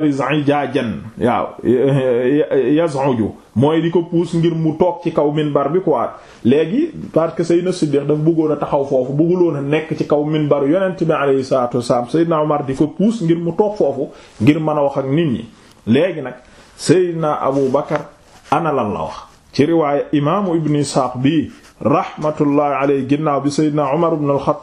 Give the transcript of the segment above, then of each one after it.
jaajan waaw yazuju mooy di ko puus ngir mu toog ci kaw minbar bi quoi léegi parce que Seydina Siddiq dafa bëggoon a taxaw foofu bëgguloon a nekk ci kaw minbar yonent bi alayhi salaatu wasalaam Seydina Omar di ko puus ngir mu toog foofu ngir mën a wax ak nit ñi léegi nag Seydina Abu Bakar ana lan la wax ci riwaaya imaamu Ibn Isaaq bi rahmatullahi alayhi ginnaaw bi Seydina Omar ibn al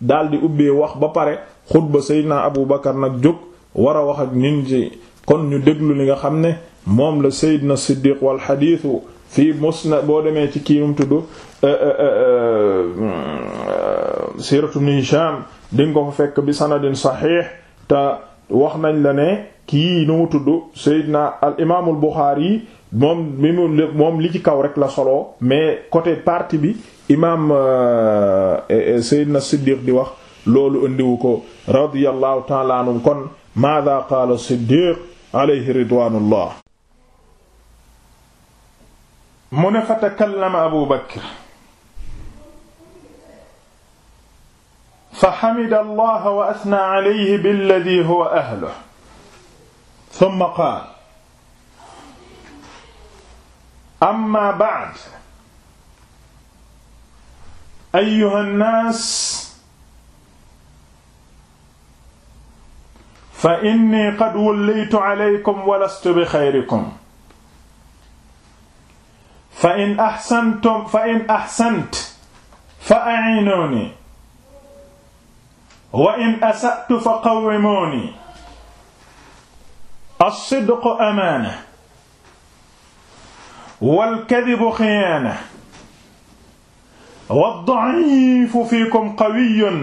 daal di ubbee wax ba pare xutba Seydina Abu Bakar nag jóg war a wax ak nit ñi kon ñu déglu li nga xam ne moom la Seydina Siddiq wal xadiisu fii musnad boo demee ci kiinum tudd euh, euh, euh, siiratu Ibn Hisham nga ko fekk bi sanadin saxiix te wax nañ la ne kii numu mu tudd Seydina al imaamul Buxaari moom mi mu moom li ci kaw rek la solo mais côté partie bi imaam Seydina Siddiq di wax loolu andiwu ko radiyallahu ta'ala anhu kon maada qaala siddiq alayhi ridwaanullah mu ne fa takallama abu bakr fa xamida allaha wa asna alayhi billadi huwa ahluhu summa qaala amma ba'd ayyuha nnaas fa inni qad wallaytu alaykum wa lastu bi xayrikum fa in axsantum fa in axsant fa a'inuuni wa in asa'tu fa qawwimuuni as-sidqu amaana wal-kadibu xiyaana wad-da'iifu fiikum qawiyyun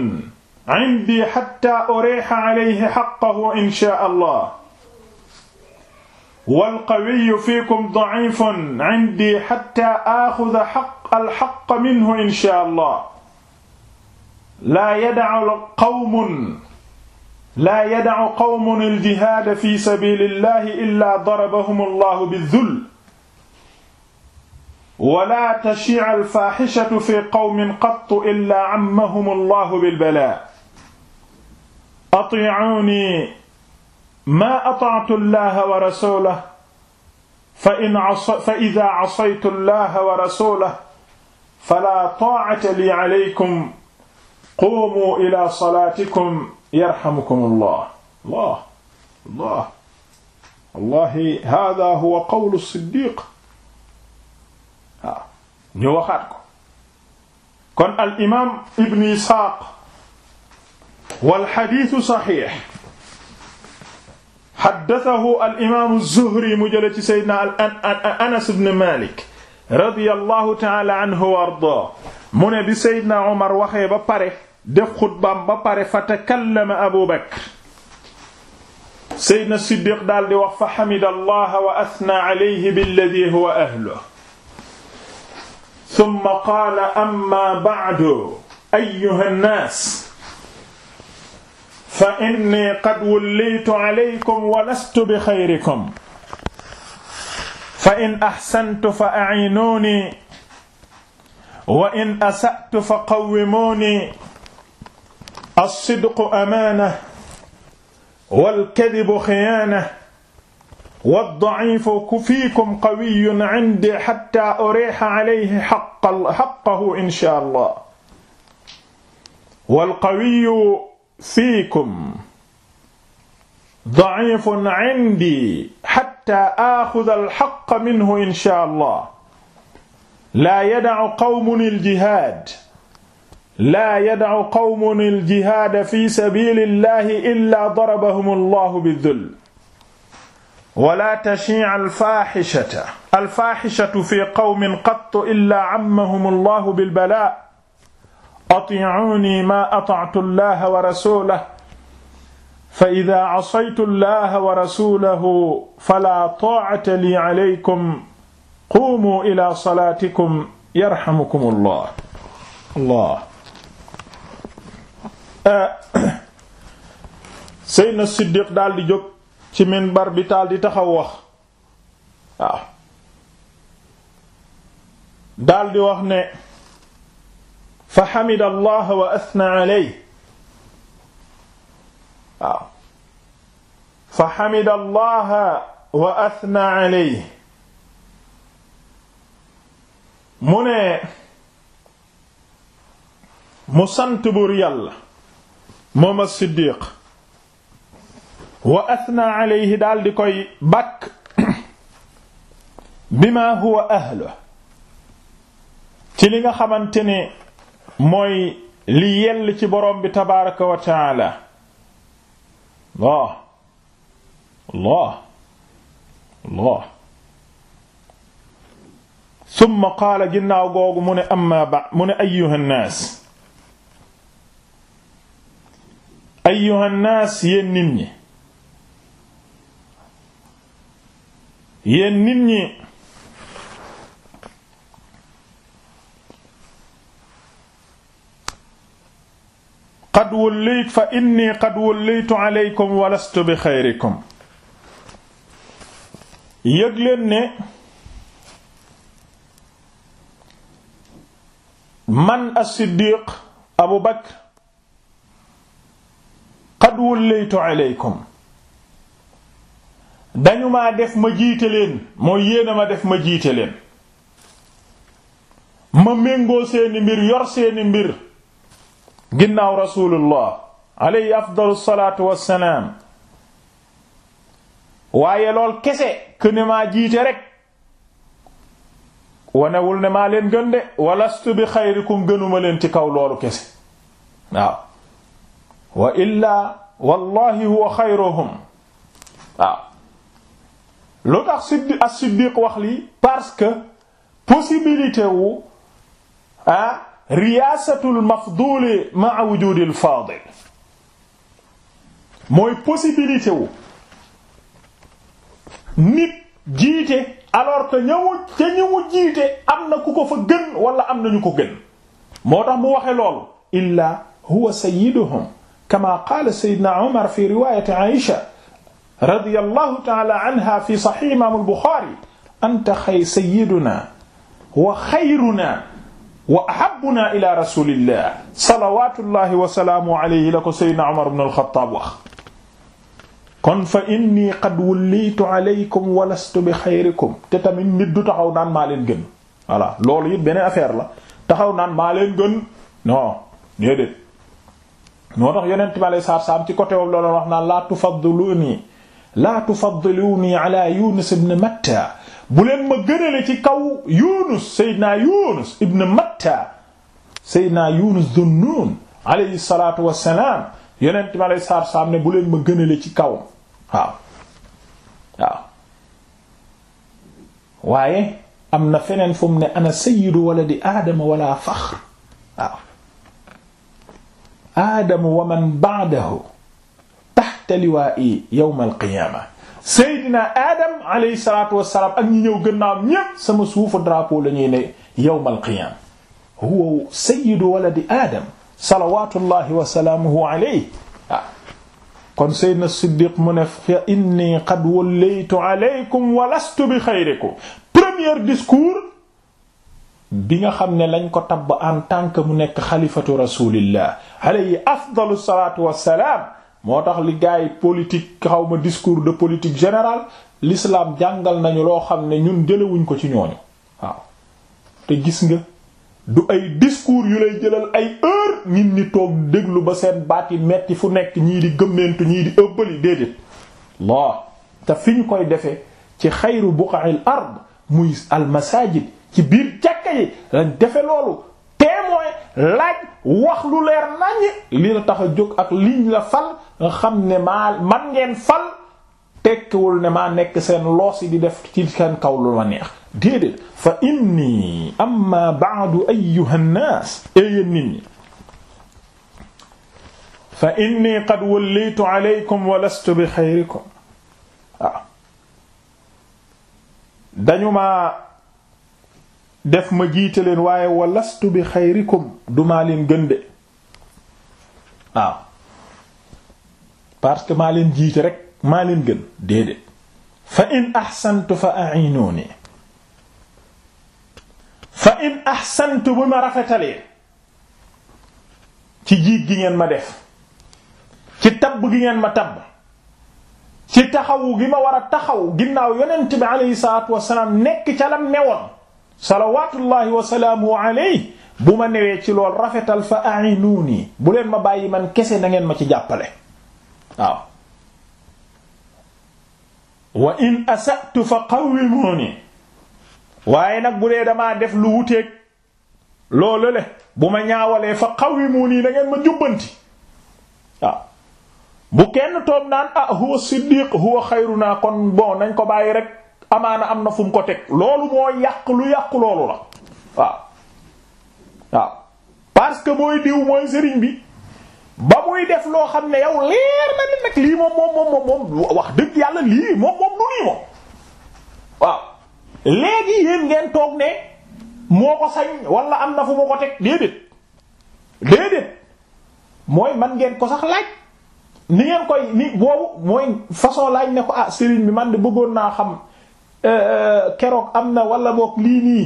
indi xatta oreexa alayhi xaqahu insha allah walqawiyu fiikum dacifun indi xatta aaxuda alxaqa minhu insha allah laa yadacu qawmun laa yadacu qawmun aljihaada fi sabiilillahi illaa darabahum allahu bizzul wala tashiica alfaaxishatu fi qawmin qattu illaa cammahum allahu bilbalaa atiicuunii maa atactu llaha wa rasulahu fa in fa idaa casaytu llaha wa rasulahu falaa taacata lii calaykum quumuu ilaa salaatikum yarxamukum allah allah allah wallahi hada huwa qawlu siddiq waaw ñu waxaat ko kon al imaam ibn Isxaaq wal xadiisu saxiix xaddasahu al imaamu Zuhri mu jëlee ci Seydina Anas ibn Malik radiyallahu ta'ala anhu wa ardaa mu ne bi Seydina Omar waxee ba pare def xutbaam ba pare fa takallama Abu Bakr Seydina Siddiq daal di wax fa xamida Allah wa asna alayhi billadhi huwa ahluhu thumma qaala amma ba'du ayyuha nnaas fa inni qad wullitu alaykum wa lastu bi xayrikum fa in axsantu fa acinuuni wa in asa'tu fa qawwimuuni alsidqu amaana walkadibu xiyaana waddaciifu fiikum qawiyun cindi xatta uriixa calayhi xaqqahu inshaa allah walqawiyu fiikum da'ifun 'indi hatta akhudha al-haqqa minhu insha Allah la yad'u qawmun al-jihad la yad'u qawmun al-jihad fi sabilillahi illa darabahum Allahu bi-dhull wala tashii' al-fahishata al-fahishatu fi qawmin qattu illa 'ammahum Allahu bil-bala' ati'uuni maa ata'tu allaha wa rasulahu fa idaa asaytu allaha wa rasulahu falaa taa'ata lii alaykum quumuu ilaa salaatikum yarhamukumullah allah Seydina Siddiq daal di jóg ci minbar bi daal di taxaw wax waaw daal di wax ne fa xamida allah wa asna aley waaw fa xamida allah wa asna aley mu ne mu sant buur yàlla moom a siddiq wa asna aleyhi daal di koy bàkk bima huwa ahlu ci li nga xamante ne mooy li yell ci borom bi tabaaraka wa taala Allah Allah Allah summa qaala ginnaaw googu mu ne amma ba mu ne ayyuha nnaas ayyuha nnaas yéen nit ñi yéen nit ñi qad wallaytu fa inni qad wallaytu aleykum wa lastu bi xayrikum yëg leen ne man as-Siddiq Abu Bakr qad wallaytu aleykum dañu ma def ma jiite leen mooy yéena ma def ma jiite leen ma méngoo seeni mbir yor seeni mbir ginnaaw rasulullah alayhi afdalu salaatu wassalaam waaye lool kese que ne maa jiite rek wanewul ne maa leen gën de walastu bi xayrikum gënuma leen ci kaw loolu kese waaw wa wallahi huwa xayruhum lu tax siddi as parce que possibilité wu ah riyaasatul mafduli ma'a wujudil faadil mooy possibilité wu nit jiite alors que ñëwu ca ñëwu jiite am na ku ko fa gën wala am na ñu ko gën moo tax mu waxe loolu illaa huwa sayyiduhum kama qaala sayyidina Umar fi riwaayati Aïsha radiyallahu ta'ala anha fi sahih imaam al-Bukhari anta xay sayyiduna wa xayruna wa ahabbuna ila rasulillah salawatullahi wa salaamu alayhi la ko sayyidina Umar ibn al-Khattab wax kon fa inni qad wullitu alaykum wa lastu bi xayrikum te tamit nit du taxaw naan maa leen gën voilà loolu it beneen affaire la taxaw naan maa leen gën non déedéet moo tax yonent bi alayhi salaatu salaam ci côté boobu loolu wax naan la tufaddiluni la tufaddiluni ala Yunus ibn Matta bu leen ma gënale ci kaw yunus seydina yunus ibn matta seydina yunus dunnun alayhi salatu wassalaam yonent bi alayhi salatu wassalaam ne bu leen ma gënale ci kaw waaw waaw waaye am na feneen fu mu ne ana sayyidu waladi aadama wala faxr waaw aadama wa man ba'dahu tahta liwaa'i yawm al qiyaama seydina adam alayhi salaatu wassalaam ak ñi ñëw gënnaaw ñépp sama suufu drapeau la ñuy ne yawmal qiyaama huwa sayyidu waladi adam salawatullahi wa salaamuhu alayhi ah. kon seydina siddiq mu ne fa inni qad wallaytu alaykum wa lastu bi xayrikum premier discours bi nga xam ne lañ ko tabb en tant que mu nekk xalifatu rasulillah alayhi afdalu salatu wassalam moo tax li gaay politique xaw ma discours de politique générale lislaam jàngal nañu loo xam ne ñun jëlewuñ ko ci ñooñu waaw te gis nga du ay discours yu lay jëlal ay heure nit ñi toog déglu ba seen baat yi metti fu nekk ñii di gëmmentu ñii di ëbbali déedéet laa te fi ñu koy defee ci xayru buqa'il ard muy al masajid ci biir jàkka yi lañ defe loolu laaj wax lu leer naññ li la tax a jóg ak liñ la fal nga xam ne maa man ngeen fal tekkiwul ne maa nekk seen loos yi di def ci seen kaw lu ma neex déedéet fa inni amma ba'du ayyuha an-nas yéen nit ñi fa inni qad wallaytu alaykum wa lastu bi xayrikum ah. dañu ma def ma jiite leen waaye walastu bi xayrikum dumaa leen gën de waaw parce que maa leen jiite rek maa leen gën déedéet fa in ahsantu fa a'inuni fa in ahsantu bu ma rafetalee ci jiit gi ngeen ma def ci tabb gi ngeen ma tabb ci taxawu gi ma war a taxaw ginnaaw yonent bi alayhi salaatu wasalaam nekk ca lam newoon salawatullahi wa salaamu alayhi bu ma newee ci lool rafetal fa a'inuuni bu leen ma bàyyi man kese na ngeen ma ci jàppale waaw wa in asa'tu fa qawwimuuni waaye nag bu dee damaa def lu wuteeg loolu le bu ma ñaawalee fa qawwimuuni na ngeen ma jubbanti waaw bu kenn toog naan ah huwa siddiq huwa xayruna kon bon nañ ko bàyyi rek amaana am na fu mu ko teg loolu moo yàq lu yàq loolu la waaw parce que mooy diw mooy sëriñ bi ba muy def loo xam ne yow leer na li lii moom moom moom moom dëgg yàlla lii waaw léegi yéen ngeen toog ne moo ko sañ wala am na fu ma ko teg déedéet déedéet mooy man ngeen ko sax laaj ni ngeen koy ni boobu mooy façon laaj ne ko ah sëriñ bi man de bëggoon naa xam Euh, keroog am na wala boog lii nii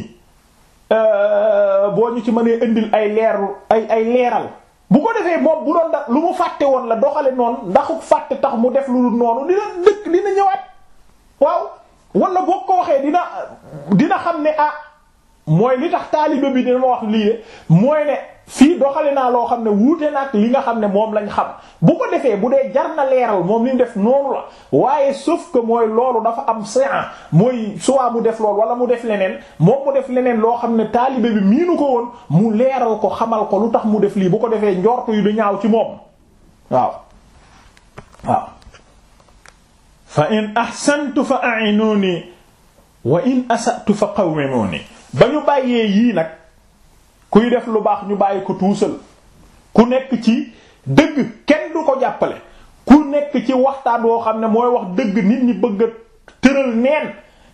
euh, boo ñu ci mënee indil ay leer ay ay leeral bu ko defee moom bu doon lu mu fàtte woon la doxale noonu ndaxu fàtte tax mu def lu noonu dina dëkk dina ñëwaat waaw wala boo ko waxee dina dina xam ne ah mooy li tax taalibe bi dina ma wax lii mooy ne. fii doxali naa loo xam ne wuute nag li nga xam ne moom lañ xam bu ko defee bu dee jar na leeral moom li def noonu la waaye sauf ko mooy loolu dafa am séance mooy soit mu def loolu wala mu def leneen moom mu def leneen loo xam ne taalibe bi miinu ko woon mu leeral ko xamal ko lu tax mu def lii bu ko defee njort yi du ñaaw ci moom waaw waaw fa in ahsantu fa a'inuni wa in asa'tu fa qawwimuni ba ñu bàyyee yii nag kuy def lu baax ñu bàyyi ko tuusal ku nekk ci dëgg kenn du ko jàppale ku nekk ci waxtaan woo xam ne mooy wax dëgg nit ñi bëgg a tëral neen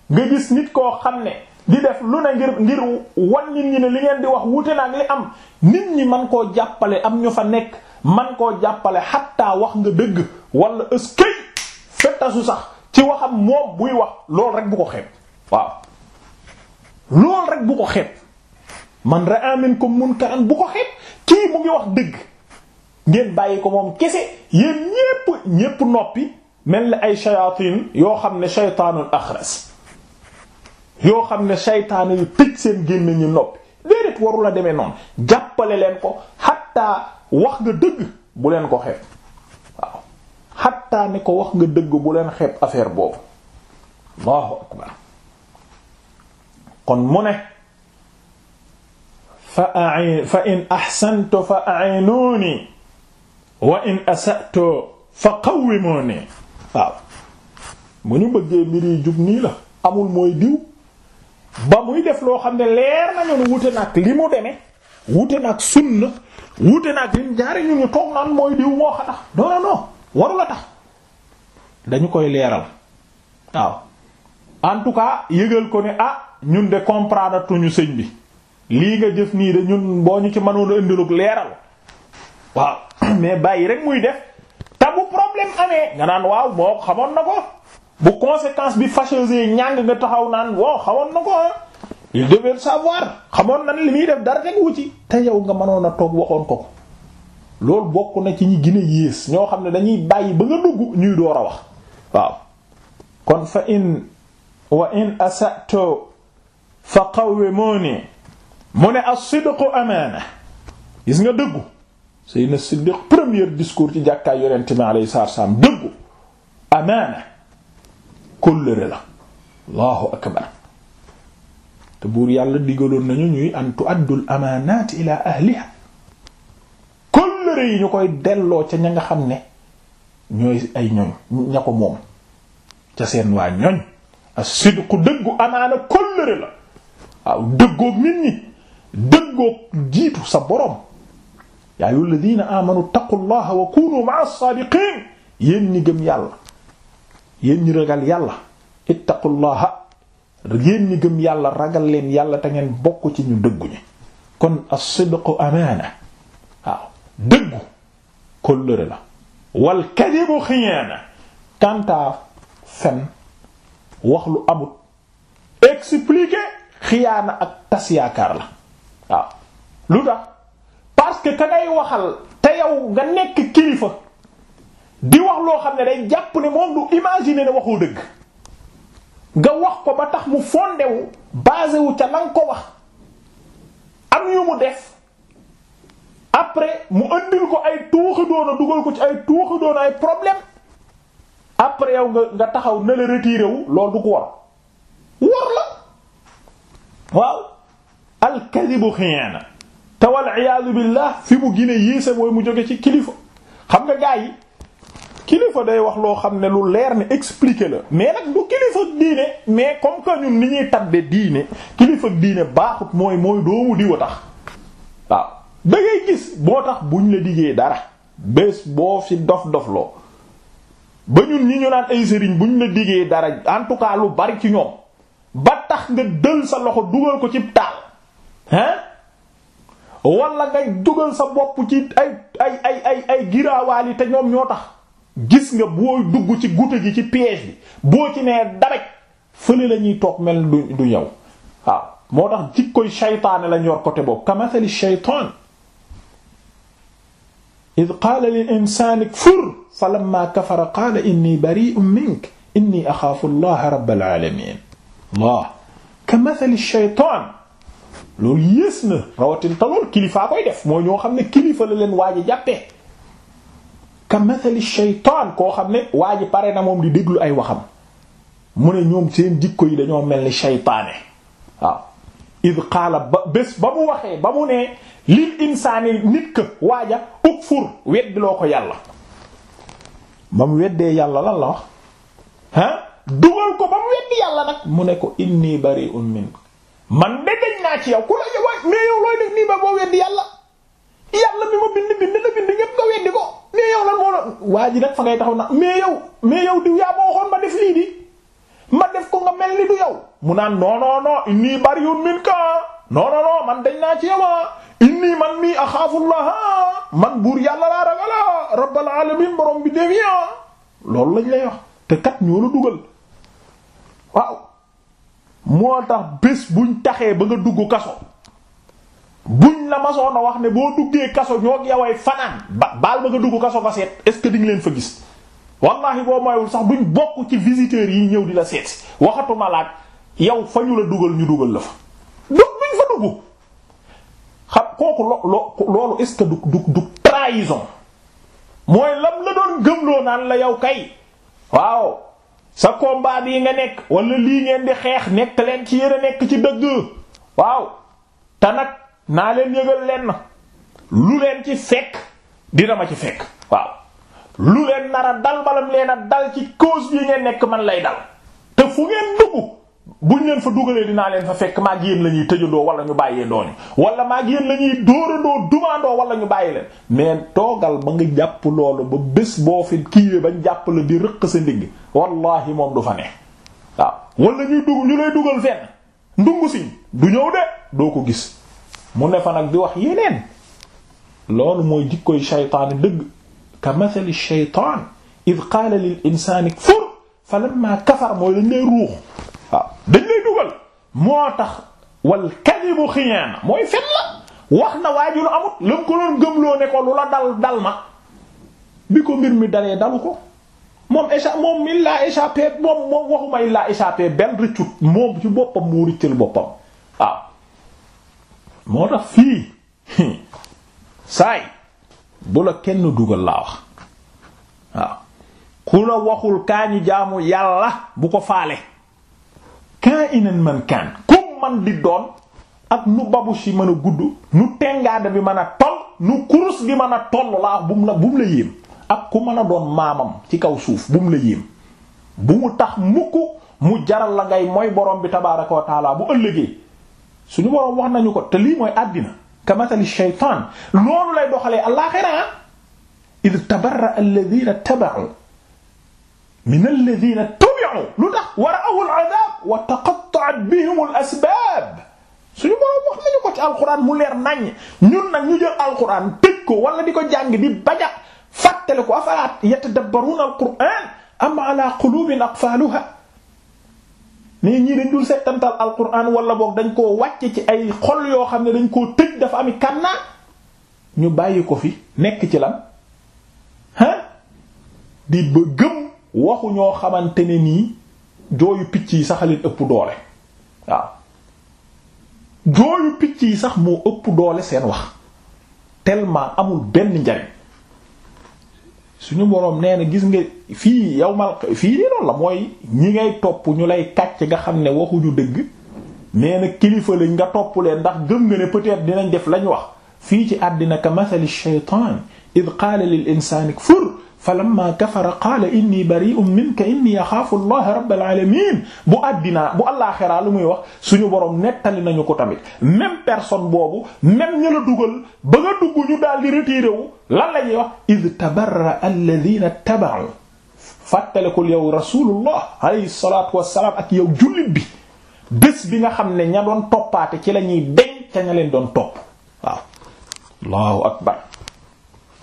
nga gis nit koo xam ne di def lu ne ngir ngir wan nit ñi ne li ngeen di wax wuute naa ak li am nit ñi man koo jàppale am ñu fa nekk man koo jàppale xattaa wax nga dëgg walla ëskëy fettasu sax ci waxam moom buy wax loolu rek bu ko xeeb waaw loolu rek bu ko xeeb man ra'a minkum munkaran bu ko xeeb kii mu ngi wax dëgg ngeen bàyyi ko moom kese yéen ñépp ñépp noppi mel ni ay shayatin yoo xam ne shaytaanul axras yoo xam ne shaytaanu yu tëj seen génne ñu noppi déedéet waru la demee noonu jàppale leen ko xattaa wax nga dëgg bu leen ko xeeb waaw xattaa ne ko wax nga dëgg bu leen xeeb affaire boobu allahu akbar kon mu ne fa in axsantu fa a'inuuni wa in asa'tu fa qawwimuuni waaw mu ñu bëggee mbir yi la amul mooy diw ba muy def loo xam ne leer nañu ne wute nag li mu demee wute nag sunna wute nag lim jaari ñu ñu toog naan mooy diw moo xa tax non non non tax dañu koy leeral waaw en tout cas yëgal ko ne ah ñun de comprendre tuñu sëñ bi. lii nga jëf nii de ñun boo ñu ci mënoon a indilug leeral waaw mais bàyyi rek muy def te bu problème amee nga naan waaw moo xamoon na ko bu conséquence bi fâcheuse ñàng nga taxaw naan wow xamoon na ko ah il devait savoir xamoon na li muy def dara rek wu ci te yow nga mënoon a toog waxoon ko ko loolu bokk na ci ñi gën a yées ñoo xam ne dañuy bàyyi ba nga dugg ñuy door a wax waaw kon fa in wa in asa'tu fa qawwimuni mu ne as-sidqu amaana gis nga dëggu Seydina Siddiq premier discours ci jàkkaay yonent bi alayhi salaatu salaam dëggu amaana kóllëre la allahu akbar te buur yàlla digaloon nañu ñuy an tu'addul amaanaat ila ahliha kóllëre yi ñu koy delloo ca ña nga xam ne ñooy ay ñoñ ña ko moom ca seen waa ñoñ as dëggu amaana kóllëre la waaw dëggoog nit ñi dëggoog jiitu sa borom yaa ayyuha alladina amanu taqullaha wa kunu ma'a as-saadiqin yéen ñi gëm yàlla yéen ñi ragal yàlla ittaqullaha yéen ñi gëm yàlla ragal leen yàlla tangeen ngeen bokk ci ñu dëggu ñi kon as-sidqu amaana waaw dëggu kóllëre la wal kadibu xiyaana kantaa fen wax lu amut expliquer xiyaana ak tas la waaw lu tax parce que ka ngay waxal te yow nga nekk kilifa di wax loo xam ne day jàpp ne moom du imaginer ne waxoo dëgg nga wax ko ba tax mu fondewu wu basé ca la nga ko wax am yu mu def après mu andil ko ay tuuxi dugal ko ci ay tuuxi doona ay problème après yow nga nga taxaw na la wu loolu du ko war war la waaw alkadibu xiyaana te wal iyaadu billah fi mu gine yéese mooy mu joge ci kilifa xam nga gaa yi kilifa day wax loo xam ne lu leer ne expliquer la mais nag du kilifa diine mais comme que ñun ni ñuy tabbe diine kilifa diine baaxut mooy mooy doomu diw tax waaw da ngay gis boo tax buñ la diggee dara bés boo fi dof dofloo ba ñun ñi ñu naan ay sëriñ buñ la diggee dara en tout cas lu bari ci ñoom ba tax nga dël sa loxo dugal ko ci taal hein wala ngay dugal sa bopp ci ay ay ay ay ay ñoom ñoo tax gis nga boo dugg ci gute gi ci piège bi boo ci nee dabaj fële la ñuy toog mel du du yow waaw moo tax jikkoy shaytaane lañ yor côté boobu kamathali shaytaan id qaala lil insaani kfur fa lamma kafara qaala inni bari'un minka inni axaafu allaha rabbal aalamiin waaw kamathali shaytaan loolu yées na rawatin te lool kilifaa koy def mooy ñoo xam ne kilifa la leen waa ji jàppee ka mathali shaytaan koo xam ne waa ji pare na moom di déglu ay waxam mu ne ñoom seen jikko yi dañoo mel ni shaytaane waaw id qaala ba bés ba mu waxee ba mu ne lil insaani nit ka waaja ukfur weddiloo ko yàlla ba mu weddee yàlla lan la wax ah dugal ko ba mu weddi yàlla nag mu ne ko inni bari'un mink man de dañ naa ci yow ku la ñu waay mais yow looy def nii ba boo weddi yàlla yàlla mi ma bind bind la bind ñépp nga weddi ko mais yow waa ji nag fa ngay na mais yow mais yow diw yaa ma def lii ni yow mu naan non non non inni man dañ naa ci yow ah. inni man mii axaafullaha man buur yàlla laa ragala bi def ya ah. loolu lañ lay wax te kat ñoo la dugal moo tax bés buñ taxee ba nga dugg kaso buñ la masoon a wax ne boo duggee kaso ñoo yaway fanaan ba baal ba nga dugg kaso nga seet est ce que di nga leen fa gis wallahi boo moywul sax buñ bokk ci visiteurs yi ñëw di la seet waxatuma laaj yow fa ñu la dugal ñu dugal la fa dug buñ fa dugg xam kooku lo lo loolu est ce que du du du trahison mooy lam la doon gëmloo naan la yow kay waaw sa combat yi nga nekk wala lii ngeen di xeex nekk leen ci yéen nekk ci dëgg waaw te nag naa leen yëgal leen na lu leen ci fekk dina ma ci fekk waaw lu leen nar dal balam leen a dal ci cause bii ngeen nekk man lay dal te fu ngeen dugg bu buñ leen fa dugalee dinaa leen fa fekk maag yéen la ñuy tëjandoo wala ñu bàyyee ndooñu wala maag yéen lañuy ñuy dóorandoo dumaandoo wala ñu bàyyi leen mais toogal ba nga jàpp loolu ba bés boo fi kiiwee bañ jàpp la di rëq sa ndigg wallahi moom du fa ne waaw wala ñuy dug ñu lay dugal fenn ndungu siñ du ñëw de doo ko gis mu ne fa nag di wax yeneen loolu mooy jikkoy shaytaan dëgg ka mathali shaytaan id qaala lil insaani fa falamma kafar mooy lañ lay ruux moo tax wal kadibu xiyaana mooy fen la wax na waaju lu amut la mu ko doon gëmloo ne ko lu la dal dal ma bi ko mbir mi dalee dalu ko moom écha moom il laa échappé moom waxuma il benn rëccut moom ci boppam moo rëccal boppam waaw moo tax fii saay bu la kenn dugal laa wax waaw ku la waxul kaa ñu jaamu yàlla bu ko faale kaa'inan man kaan kum man di doon ak nu babu si mën a gudd nu tengaada bi mën a toll nu kurus gi mën a toll laa bu mu la bu mu ak ku mën a doon maamam ci kaw suuf bu mu la yéem bu mu tax mukk mu jaral la ngay mooy borom bi tabaaraka wa bu ëllëgee suñu borom wax nañu ko te lii mooy àddina kamatali shaytaan loolu lay doxalee àllaaxira id tabarra alladhina taba'u min alladhina tubi'u lu tax wa ra'aw al'adab wa taqatta'at bihim al-asbab suñu boroom wax nañu ko ci alquran mu leer naññ ñu nañ ñu jël alquran tëj ko wala di ko jàng di baja fàttali ko afala yatadabbaruna alquran am ala qulubin aqfaluha nii ñii dañ dul settantal alquran wala boog dañ koo wàcce ci ay xol yoo xam ne dañ koo tëj dafa ami kannaa ñu bàyyi ko fi nekk ci lan ah di ba waxu ñoo xamante ne nii jooyu picc yi sax a leen ëpp doole waaw jooyu picc yi sax moo ëpp doole seen wax tellement amul benn njariñ suñu boroom nee na gis nga fii yow mal fii nii loolu la mooy ñi ngay topp ñu lay kàcc nga xam ne waxuñu dëgg nee kilifa lañ nga topp leen ndax gëm nga ne peut-être dinañ def lañ wax fii ci àddina ka mathali shaytaan id qaala lil insaani kfur falamma kafara qaala inni bari'un minka inni axaafu allaha rabbal alamin bu àddinaa bu àllaaxiraa lu muy wax suñu borom nettali nañu ko tamit même personne boobu même ña la dugal ba nga dugg ñu daal di retiré wu lan la ñuy wax id tabarra alladina taba'u fàttalikul yow rasulullah alayhi salatu ak yow jullit bi bés bi nga xam ne ña doon toppaate ci la ñuy deñ ca ña leen doon topp waaw akbar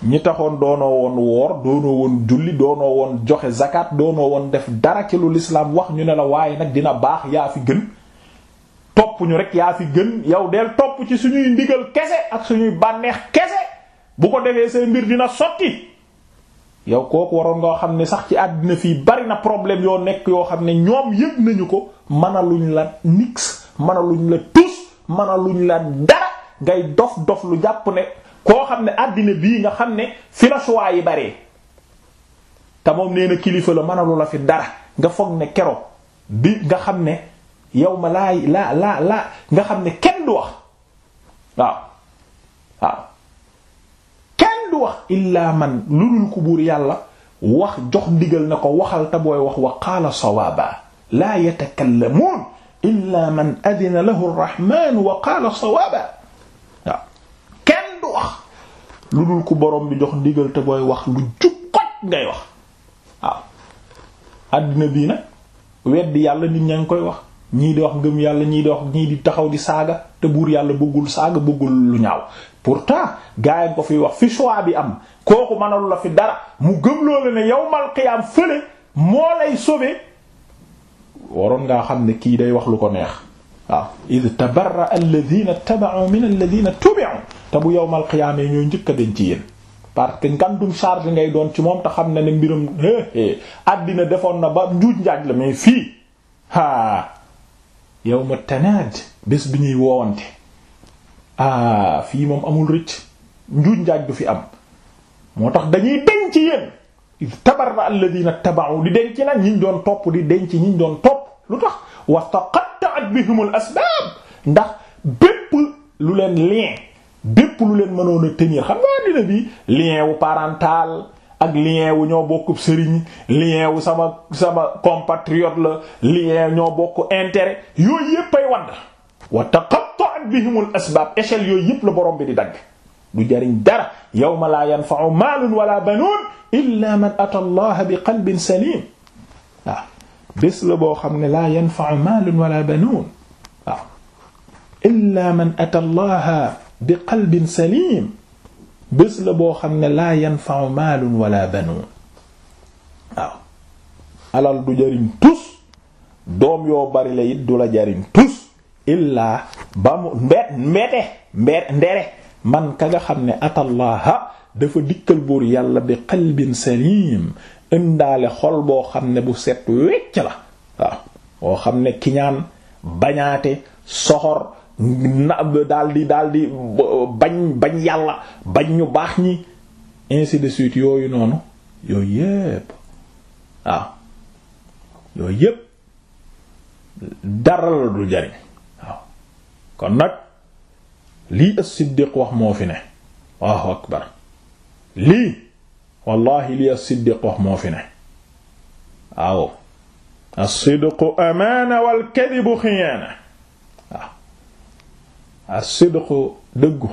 ñi taxoon doonoo woon woor doonoo woon julli doonoo woon joxe zakat doonoo woon def dara ci lu lislaam wax ñu ne la waaye nag dina baax yaa fi gën topp ñu rek yaa fi gën yow del topp ci suñuy ndigal kese ak suñuy bànneex kese bu ko defee say mbir dina sotti yow kooku waroon nga xam ne sax ci àddina fii bari na problème yoo nekk yoo xam ne ñoom yëg nañu ko mënaluñ la nix mënaluñ la tus mënaluñ la dara ngay dof dof lu jàpp ne koo xam ne àddina bii nga xam ne fi la choix yi baree te moom nee na kilifa la mënalu la fi dara nga foog ne keroog bi nga xam ne yow ma laa laa laa nga xam ne kenn du wax waaw waaw kenn du wax illaa man lu dul ku buur yàlla wax jox ndigal na ko waxal te booy wax wa qaala sawaaba laa yatakallamuun illaa man adina lahu arrahman wa qaala sawaaba lu dul ku borom bi jox ndigal te booy wax lu jukkoj ngay wax waaw àddina bii nag weddi yàlla nit ñaa ngi koy wax ñii di wax ngëm yàlla ñii di wax ñii di taxaw di saaga te buur yàlla bëggul saaga bëggul lu ñaaw pourtant gaa yi ko fiy wax fi choix bi am kooku mënalu la fi dara mu gëm loolu ne yawmal qiyaam fële moo lay sauver waroon ngaa xam ne kii day wax lu ko neex waaw id tabarra alladhina taba'u min alladhina tubi'u te bu yowmal xiyaamee ñooy njëkk a denc yéen parce que ngandum charge ngay doon ci moom te xam ne ne mbiram àddina defoon na ba njuuj njaaj la mais fii haa yawma tanaad bés bi ñuy woowante ah fii moom amul rëcc njuuj njaaj du fi am moo tax dañuy denc yéen tabarra alladina taba'u di denc ñi ñiñ doon topp di denc ñi doon topp lu tax wa taqatta'at bihumul asbaab ndax bépp lu leen bépp lu leen mënoon a xam nga dina bi lien wu parental ak lien wu ñoo bokk sëriñ lien wu sama sama la lien ñoo bokk intérêt yooyu yépp ay wadd wa taqatta'at bihimul asbaab échelle yooyu yépp la boroom bi di dagg du jariñ dara yow laa yanfa'u maalun wala banuun la boo xam ne laa wala banuun waaw man ata allah bi qalbin salim bés la boo xam ne laa yanfa'u maalun wala banuun waaw alal du jariñ tus doom yoo bari la it du la jariñ tus illaa ba mu mbet mbete ndere man ka nga xam ne atallaha dafa dikkal buur yàlla bi qalbin salim indaale xol boo xam ne bu set wecc la waaw boo xam ne kiñaan bañaate soxor na daal di bañ bañ yàlla bañ ñu baax ñi ainsi de suite yooyu noonu yooyu yépp waaw yooyu yépp dara la dul jariñ waaw kon nag lii as-Siddiq wax moo fi ne Allahu akbar lii wallahi lii as-Siddiq wax moo fi ne waaw as-sidqu amaana wal kadhibu xiyaana as-sidqu dëggu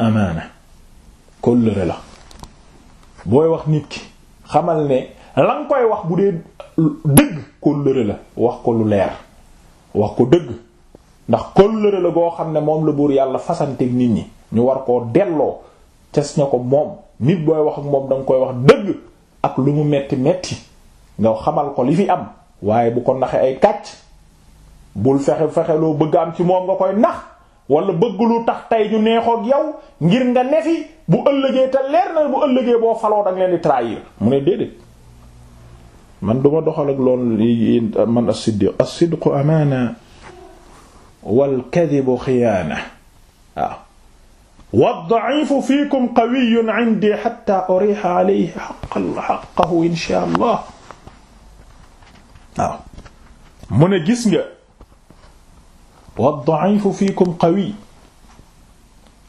amaana kóllëre la booy wax nit ki xamal ne la koy wax bu dee dëgg kóllëre la wax ko lu leer wax ko dëgg ndax kóllëre la goo xam ne moom la buur yàlla fasanteeg nit ñi ñu war koo delloo ces ña ko moom nit booy wax ak moom danga koy wax dëgg ak lu mu metti metti nga xamal ko li fi am waaye bu ko naxe ay kàcc bu fexe fexe loo bëgg am ci moom koy nax wala bëgg lu tax tey ñu neexoog yow ngir nga nefi bu ëllëgee te leer na bu ëllëgee boo faloo da nga leen di mu ne déedéet man duma doxal ak loolu man as-siddiq as-sidqu amaana wal kadhibu xiyaana waaw wad-da'ifu fiikum qawiyyun 'indi hatta uriha 'alayhi haqqahu inshaa Allah waaw mu ne gis nga wad-da'ifu fiikum qawi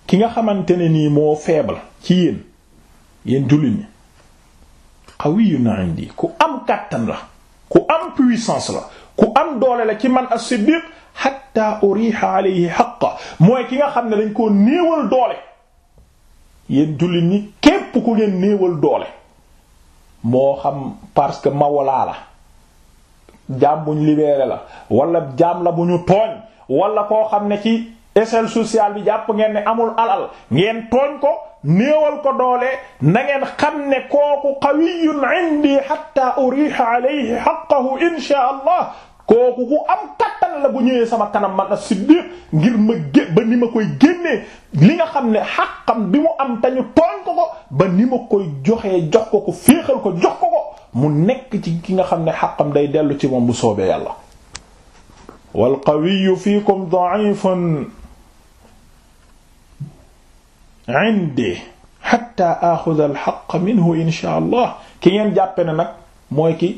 ki nga xamante ne nii moo faible ci yéen yéen jullit ñi qawiyyun 'indi ku am kàttan la ku am puissance la ku am doole la ci man as-siddiq hatta uriha alayhi haqqa mooy ki nga xam ne dañ koo néewal doole yéen jullit ñi képp ku ngeen néewal doole moo xam parce que mawlaa la jaam bu ñu libéré la wala jaam la bu ñu tooñ wala koo xam ne ci échelle sociale bi jàpp ngeen ne amul alal ngeen tooñ ko néewal ko doole nangeen xam ne kooku qawiyyun indi hatta uriha alayhi haqqahu insha allah la bu ñëwee sama kanam man as-Siddiq ngir ma gé ba ni ma koy génnee li nga xam ne xaqam bi mu am te ñu tooñ ko ba ni ma koy joxee jox ko ko féexal ko jox ko ko mu nekk ci ki nga xam ne xaqam day dellu ci moom bu soobee yàlla wal qawiyyu fiikum da'ifun indi hatta axuda minhu insha allah ki ngeen jàppe na nag mooy ki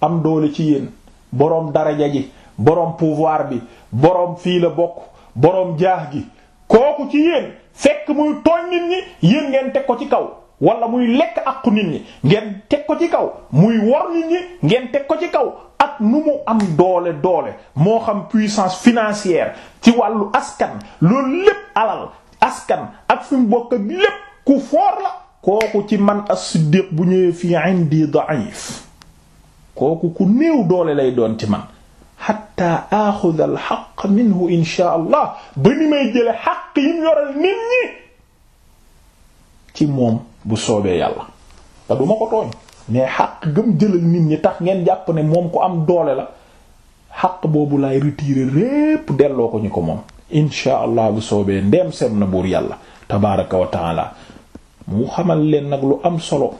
am doole ci yéen boroom daraja ji boroom pouvoir bi borom fii la bokk boroom jaax gi kooku ci yéen fekk muy tooñ nit ñi yéen ngeen teg ko ci kaw wala muy lekk àqu nit ñi ngeen teg ko ci kaw muy wor nit ñi ngeen teg ko ci kaw ak nu mu am doole doole moo xam puissance financière ci wàllu askan loolu lépp alal askan ak fi mu ak lépp ku foor la kooku ci man as-Siddiq bu ñëwee fii indi da'if kooku ku néew doole lay doon ci man hatta axuda al minhu insha allah ba ni may jële xaq yi mu yoral nit ñi ci moom bu soobee yàlla te duma ko tooñ mais xaq gëm jëlal nit ñi tax ngeen jàpp ne moom ko am doole la xaq boobu lay retirer lépp delloo ko ñu ko moom insha bu soobee ndeem seet na buur yàlla tabaraka wa taala mu xamal leen nag lu am solo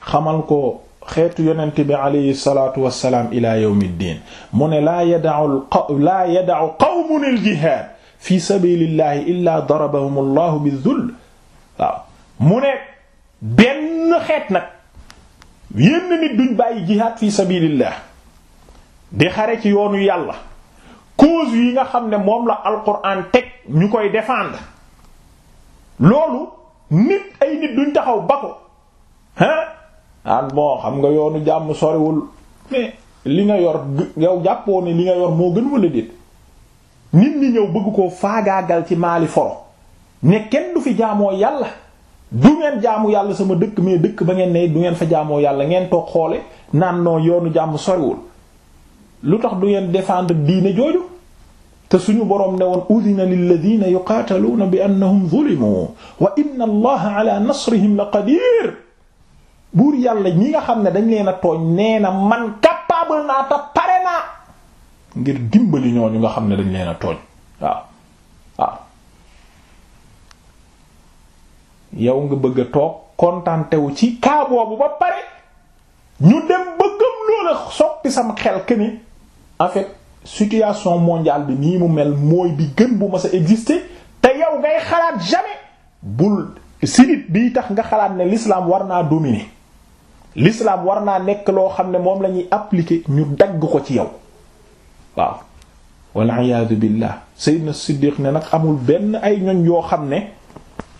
xamal ko xeetu yonent bi alayhi salaatu wassalaam ila yawmi ddin mu ne laa yada'u laa yada'u qawmun jihaad fi sabilillahi illa darabahum allahu bi dhull waaw mu ne benn xeet nag yenn nit duñ bàyyi jihaad fi sabilillah di xare ci yoonu yàlla cause yi nga xam ne moom la alquran teg ñu koy défendre loolu nit ay nit duñ taxaw ba ko ah an moo xam nga yoonu jàmm soriwul li nga yor yow jàppoo ni li nga yor moo gën wala déet nit ñi ñëw bëgg koo faagaagal ci maali foro ne kenn du fi jaamoo yàlla du ngeen jaamu yàlla sama dëkk mais dëkk ba ngeen ne du ngeen fa jaamoo yàlla ngeen toog xoole naan noo yoonu jàmm soriwul lu tax du ngeen défendre diine jooju te suñu boroom ne woon udina lilladina yuqaataluuna bi annahum zulimu wa inna allaha ala nasrihim la qadir buur yàlla ñi nga xam ne dañ leen a tooñ nee na man capable naa te pare naa ngir dimbali ñooñu nga xam ne dañ leen a tooñ waaw yow nga bëgg a toog contenté wu ci cas bu ba pare ñu dem bëggam loola sotti sama xel que ni en fait situation mondiale bi nii mu mel mooy bi gën bu ma sa exister te yow ngay xalaat jamais bul sidit bii tax nga xalaat ne lislaam war naa dominer lislaam war naa nekk loo xam ne moom lañuy ñuy ñu dagg ko ci yow waaw wal iyaadu billah na Siddiq ne nag amul benn ay ñoñ yoo xam ne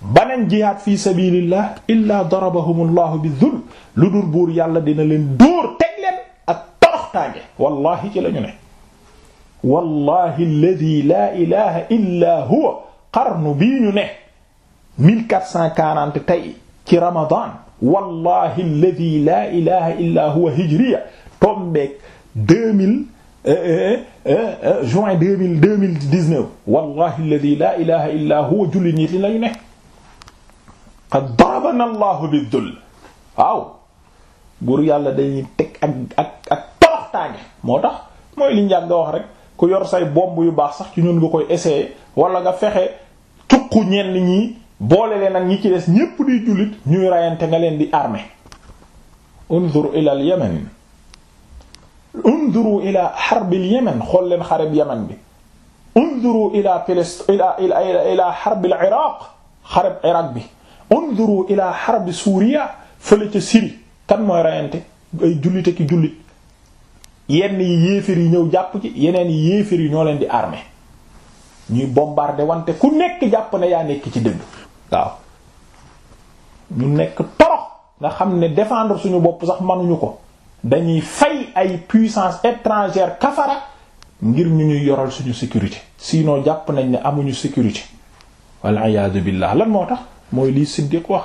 baneen jihaad fi sabilillah illaa darabahum llahu bi dhul lu dul buur yàlla dina leen dóor teg leen ak toroxtaange wallahi ci la ñu ne wallahi alladi laa ilaha illa huwa qarnu bii ñu ne 1440 tey ci ramadan wallahi alladi laa ilaha illa huwa hijriya tombeeg 2000 euh, euh, euh, juin 2000 2019 wallahi alladi laa ilaha illa huwa julli ñi ti lañu ne qad darabana allahu bi dull waaw buur yàlla dañuy teg ak ak ak toroxtaange moo tax mooy li njàng nga wax rek ku yor say bomb yu baax sax ci ñun nga koy essayer wala nga fexe cuq ñenn ñi boole leen ak ñi ci des ñépp di jullit ñuy rayante nga leen di arme unzur ila al yaman unzuru ila xarbil yemen xool leen xareb bi unzuru ila palestine ila ila ila xarbil iraq bi unzuru ila harbi Suuriya fële ca Syrie kan mooy rayante ay jullite ki jullit yenn yi yéeféer yi ñëw jàpp ci yeneen yi yéeféer yi ñoo leen di armée ñuy bombarder wante ku nekk jàpp ne yaa nekk ci dëgg waaw ñu nekk torox nga xam ne défendre suñu bopp sax mënuñu ko dañuy fay ay puissance étrangère kafara ngir ñu ñuy yoral suñu sécurité sinon jàpp nañ ne amuñu sécurité wal iyaadu billah lan moo tax mooy li siddiq wax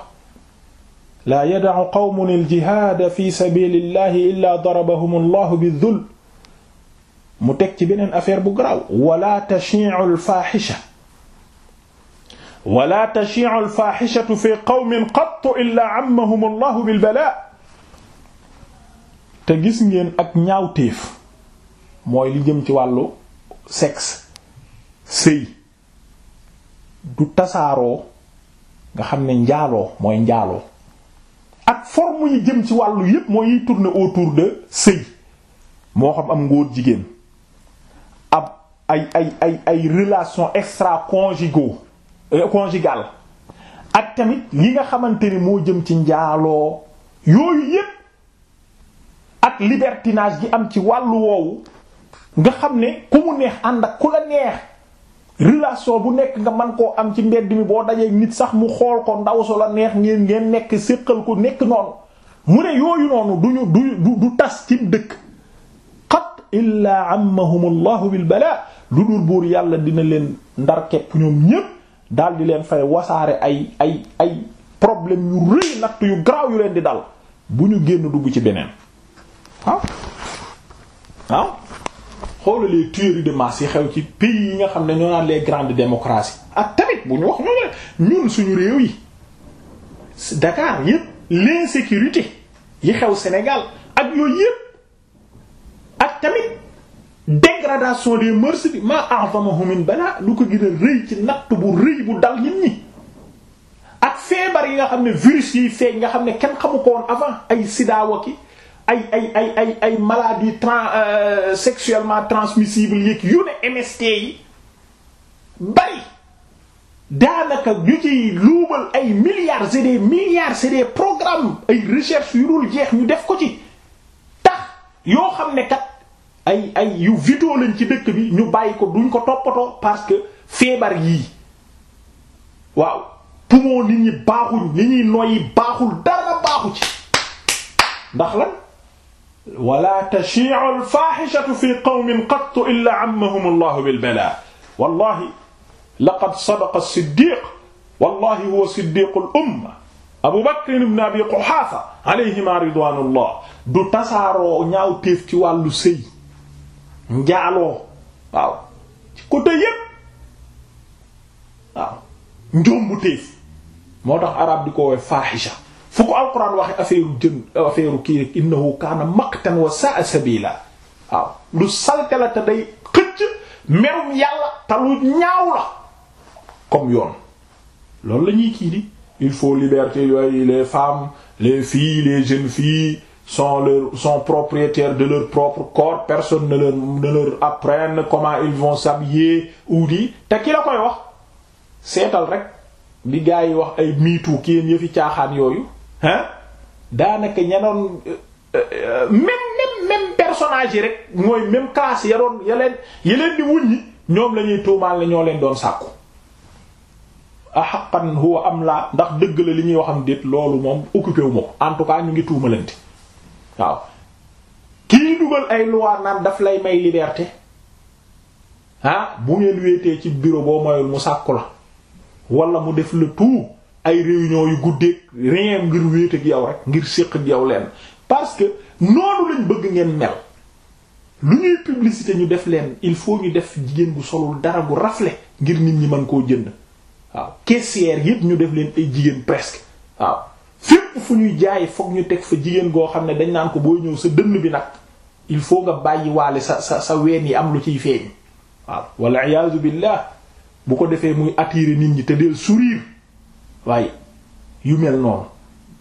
laa yada'u qawmun al-jihaada fi sabilillahi illaa darabahum allahu bi-dhul mu teg ci beneen affaire bu garaaw wala fi qawmin qattu illaa ammahum allahu bil-balaa te gis ngeen ak ñaawteef li jëm ci wàllu sexe sëy du tasaaroo nga xam ne njaaloo mooy njaaloo ak forme yi jëm ci wàllu yépp mooy yiy tourner autour de sëy moo xam am ngóor jigéen ab ay ay ay ay relation extra conjugaux euh, conjugale ak tamit li nga xamante ni moo jëm ci njaaloo yooyu yépp ak libertinage gi am ci wàllu woowu nga xam ne ku mu neex ànd ak ku la neex relation bu nekk nga man koo am ci mbedd mi boo dajee nit sax mu xool ko ndaw su la neex ngeen ngeen nekk séqal ko nekk noonu mu ne yooyu noonu duñu du tas ci dëkk qat illaa ammahumullahu bil balaa lu dul buur yàlla dina leen ndar kepp ñoom ñépp daal di leen fay wasaare ay ay ay problème yu rëy natt yu garaaw yu leen di dal bu ñu génn dugg ci beneen waaw xoola les tueries de masse yi xew ci pays yi nga xam ne ñoo naan les grandes démocraties ak tamit bu ñu wax ñoo ñun suñu réew yi Dakar yépp l'insécurité yi xew Sénégal ak yooyu yépp ak tamit dégradation des mœurs bi ma a'zamahu min bala lu ko gën rëy ci natt bu rëy bu dal nit ñi ak feebar yi nga xam ne virus yi feeñ nga xam ne kenn xamu ko woon avant ay sidaawa ki ay ay ay ay ay maladies trans euh, sexuellement transmissibles yëg yu ne MST yi bari daanaka ñu ci luubal ay milliards c'est des milliards c'est des programmes ay recherche yu dul jeex ñu def ko ci tax yoo xam ne kat ay ay yu vitaux lañ ci dëkk bi ñu bàyyi ko duñ ko toppatoo parce que feebar yii waaw poumon nit ñi baaxuñ nit ñuy noyyi baaxul dara baaxu ci ndax la wala tashii'u al-faahishatu fi qawmin qattu illaa ammahum Allahu bil-balaa wallaahi laqad sadaqa as-Siddiq wallaahi huwa siddiqul umma Abu Bakr ibn Abi Quhaafa alayhimaa ridwaanullah du tasaaroo ñaaw téef ci wàllu sëy njaaloo waaw ci côté yépp waaw njombu téef moo tax arab di ko woowe faahisha fu ko alquran waxe affaire jën affaire kii rek innahu kaana maqtan wa sa'a sabila waaw lu salte la te day xëcc merum yàlla te lu ñaaw la comme yoon loolu la kii di il faut liberté yooyu les femmes les fii les jeunes filles sont leur sont propriétaires de leur propre corps personne ne leur ne leur apprenne comment ils vont s'habiller ou di te ki la koy wax seetal rek di gaa yi wax ay miitu kiyeen yëfi caaxaan yooyu ah daanaka ña doon euh, euh, même même même personnage yi rek mooy même kaas ya doon ya leen ya leen di wuññi ñoom la ñuy tuumaal la ñoo leen doon sàkku ahaqqan huwa am laa ndax dëgg la li ñuy waxam déet loolu moom occupé wu ma ko ñu ngi tuumalante waaw kii dugal ay loi daf lay may liberté ah bu ngeen wéetee ci bureau boo moyul mu sàkku la wala mu def le tout ay réunion yu guddeeg rien ngir wéet ak yow rek ngir séq ak yow leen parce que noonu lañ bëgg ngeen mel lu ñuy publicité ñu def leen il faut ñu def jigéen bu solul dara bu rafle ngir nit ñi mën koo jënd waaw caissière yëpp ñu def leen ay jigéen presque waaw fépp fu ñuy jaay foog ñu teg fa jigéen goo xam ne dañ naan ko boo ñëw sa dënn bi nag il faut nga bàyyi waale sa sa sa ween yi am lu ciy feeñ waaw walla iyaazu billah bu ko defee muy attirer nit ñi te deel sourire waaye yu mel noonu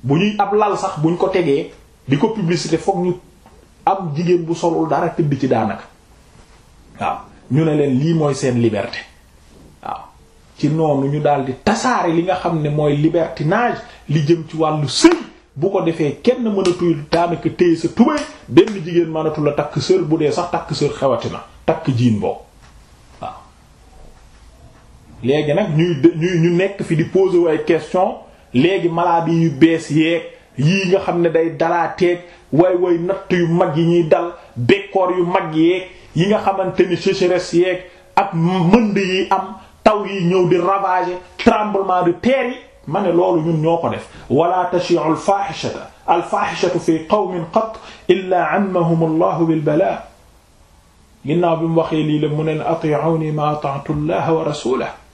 bu ñuy ab lal sax buñ ko tegee di ko publicité foog ñu am jigéen bu solul dara tëdd ci daanaka waaw ñu ne leen lii mooy seen liberté waaw ci noonu ñu daal di tasaare li nga xam ne mooy libertinage li jëm ci wàllu sëy bu ko defee kenn mënatul daanaka téye sa tubéy benn jigéen mënatul a takk sër bu dee sax takk sër xewati takk jiin boobu léegi nag ñuy ñu nekk fi di poser way question léegi maladie yu bees yeeg yi nga xam ne day dalaateeg way way natt yu mag yi ñuy dal bekkoor yu mag yeeg yi nga xamante ni sécheresse ak mënd yi am taw yi ñëw di ravager tremblement de terre yi ma ne loolu ñun ñoo ko def wala tashi'u al-fahishata al-fahishatu fi qawmin qat illa 'ammahum Allahu bil bala ginnaaw bi mu waxee lii la mu neen a ne ni ma ata'tu Allah wa rasulahu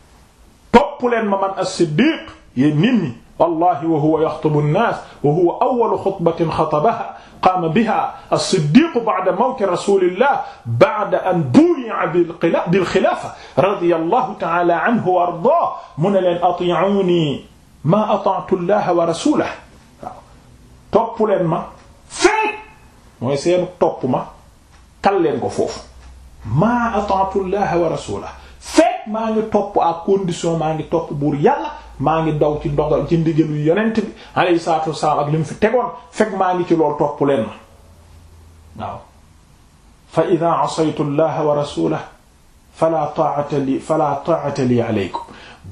topp leen ma man as-siddiq yéen nit ñi wallahi wa huwa yaxtubu an-nas wa huwa awwalu xutbatin xatabaha qaama biha as-siddiq ba'da mawti rasulillah ba'da an buyi'a bil xilaafa radiyallahu ta'ala anhu wa ardaah mu ne leen ati'uuni maa ata'tu allaha wa rasulahu waaw topp leen ma fekk mooy seen topp ma tal leen ko foofu maa ata'tu allaha wa rasulahu fekk maa ngi topp à condition maa ngi topp buur yàlla maa ngi daw ci ndogal ci ndigalu yonent bi alayhi salaatu wassalaam ak li mu fi tegoon fekk maa ngi ci lool topp leen ma waaw fa ida asaytu llaha wa rasulahu fala taata li fala taata li aleykum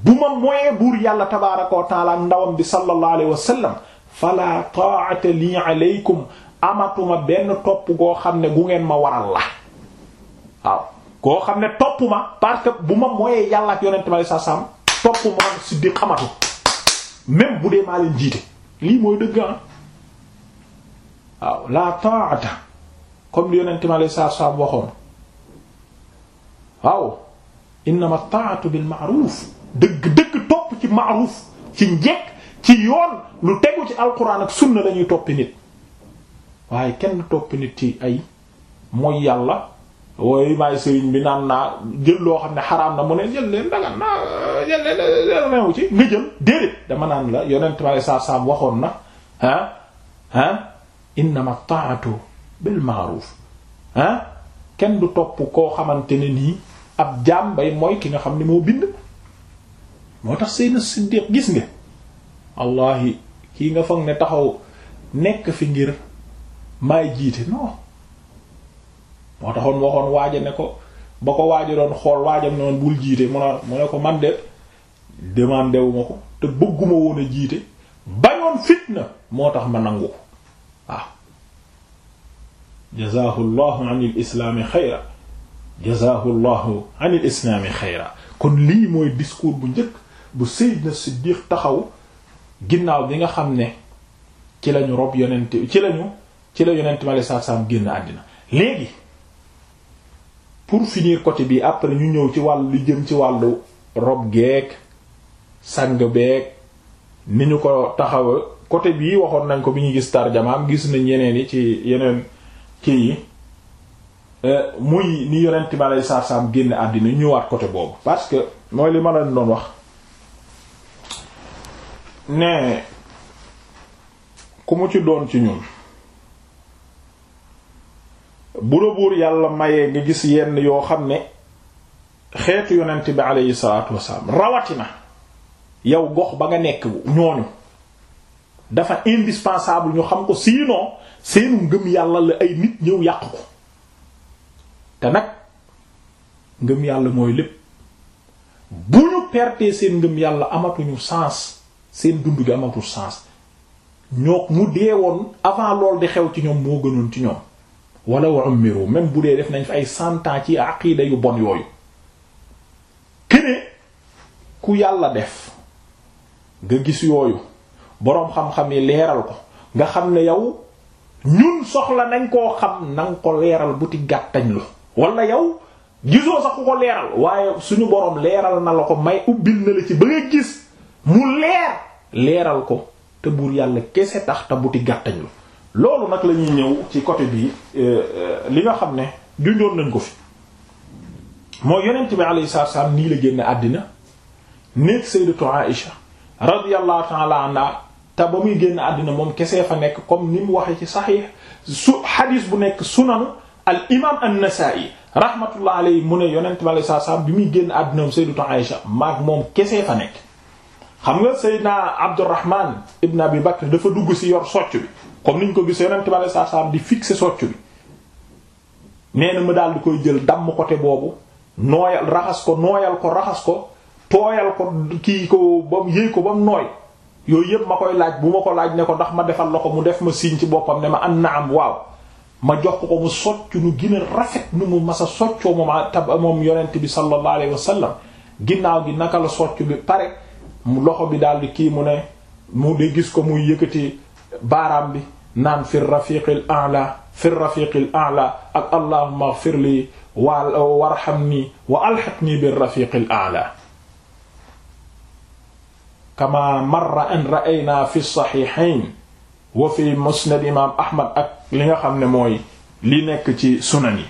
bu ma moyee buur yàlla tabaraka wa taala ndawam bi sallallahu alayhi wa sallam fala taata li aleykum amatuma benn topp goo xam ne gu ngeen ma waral la waaw koo xam ne topp ma parce que bu ma mooyee yàlla ak yonent ma sa topp ma siddiq xamatu même bu dee maa leen lii mooy dëgg ah waaw la ta'ata comme li yonent ma sa sam waxoon waaw innama ta'atu bil ma'ruf dëgg-dëgg topp ci ma'ruf ci njekk ci yoon lu tegu ci alquran ak sunna lañuy toppi nit waaye kenn toppi nit ci ay mooy yàlla wooy maay sëriñ bi naan naa jël loo xam ne xaraam na mu ne jël leen dagan naa jël leen neewu ci nga jël déedéet dama naan la yonent ma saa saam waxoon na ah ah innama ta'atu bil ma'ruf ah kenn du topp koo xamante ne nii ab jaam bay mooy ki nga xam ne moo bind moo tax Seydina Siddiq gis nga wallahi kii nga foog ne taxaw nekk fi ngir maay jiite non moo taxoon waxoon waaja ne ko ba ko waaja doon xool waajam ne woon bul jiite mu ne mu ne ko man de demandé wu ma ko te bëgguma woon a jiite bañoon fitna moo tax ma nangu ko waaw jazaahu llahu an il islaami xayra jazaahu llahu an kon lii mooy discours bu njëkk bu Seydina Siddiq taxaw ginnaaw bi nga xam ne ci lañu rob yonent ci lañu ci la yonent ma le saam génn àddina léegi pour finir côté bii après ñu ñëw ci wàllu lu jëm ci wàllu rob geek sang beeg ni ñu ko taxaw côté bii waxoon nañ ko bi ñu gis tarjamaam gis nañ yeneen yi ci yeneen kii yi euh, muy ni yonent bi aleyhi salaatu salaam génn àddina ñu ñëwaat côté boobu parce que mooy li ma leen doon wax ne ku mu ci doon ci ñun bu buur yàlla mayee nga gis yenn yoo xam ne xeetu yonent bi aleyhi salaatu wasalaam rawatina yow gox ba nga nekk ñooñu dafa indispensable ñu xam ko sinon seenu ngëm yàlla la ay nit ñëw yàq ko te nag ngëm yàlla mooy lépp bu ñu pertee seen ngëm yàlla amatuñu sens seen dund gi amatul sens ñoo mu dee woon avant lool di xew ci ñoom moo gënoon ci ñoom wala wa ummiru même bu dee def nañ fi ay cent ans ci aqida yu bon yooyu kene ku yàlla def nga gis yooyu boroom xam-xam yi leeral ko nga xam ne yow ñun soxla nañ koo xam na ko leeral buti ti gàttañ yow gisoo sax ko leeral waaye suñu boroom leeral na la ko may ubbil na la ci ba nga gis mu leer leeral ko te buur yàlla kese tax te bu ti loolu nag la ñuy ñëw ci côté bi euh, euh, li nga xam ne junjoon nañ ko fi mooy yonent bi alayhi salaatu nii la génn àddina nekk sayyidatu Aïsha radiyallahu ta'ala anha te ba muy génn àddina moom kesee fa nekk comme ni mu waxee ci saxiix su xadiis bu nekk sunanu al imaam an-Nasaa'i rahmatullah alayhi mu ne yonent bi alayhi salaatu salaam bi muy génn àddina moom sayyidatu Aïsha maag moom kese fa nekk xam nga sayyidna Abdurrahman ibn Abi Bakr dafa dugg ci yor socc bi comme niñ ko gisee yonent bi alayhi salaam di fixer soccu bi nee na mu daal di koy jël damm côté boobu nooyal raxas ko nooyal ko raxas ko tooyal ko kii ko ba mu yëy ko ba mu nooy yooyu yëpp ma koy laaj bu ma ko laaj ne ko ndax ma defal la ko mu def ma signe ci boppam ne ma an na am waaw ma jox ko mu soccu nu gën a rafet nu mu masa soccoo moom ah, tab moom yonent bi sallallahu alayhi wa ginnaaw gi naka la soccu bi pare mu loxo bi daal di kii mu ne mu de gis ko muy yëkkati. baaraam bi naan fi rafiqil a'la fi rafiqil a'la ak allahumma ighfir li wa warhamni wa alhiqni bir rafiqil a'la kama marra an ra'ayna fi sahihayn wa fi musnad imam ahmad ak li nga xam ne mooy li nekk ci sunan yi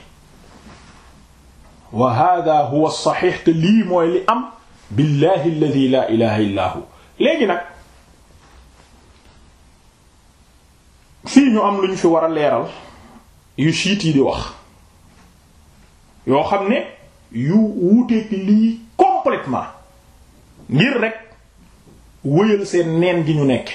wa hada huwa as-sahih te lii mooy li am billahi alladhi la ilaha illa hu léegi nag fii ñu am lu ñu fi war a leeral yu siit yi di wax yoo xam ne yu wuuteeg lii complètement ngir rekk wëyal seen neen gi ñu nekk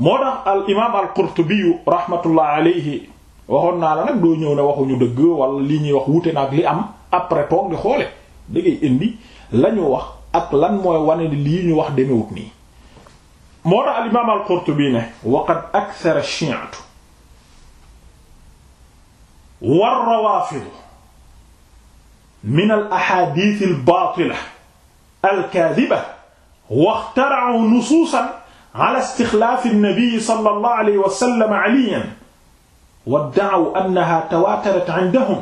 moo tax al imaam al qurtubi rahmatullah alayhi waxoon naa la nag doo ñëw ne waxuñu dëgg wala lii ñuy wax wuute naag li am après toog di xoole da ngay indi la ñu wax ak lan mooy wane lii ñu wax demewut nii moo tax al imaam al-Qurtubi ne waqad akthara ash-shi'atu war-rawaafidu min al-ahaadiith al-baatila al-kaadhiba waxtara'uu nusuusan ala istikhlaafi an-nabiy sallallahu alayhi wa sallam aliyan wadda'aw annahaa tawaatarat 'indahum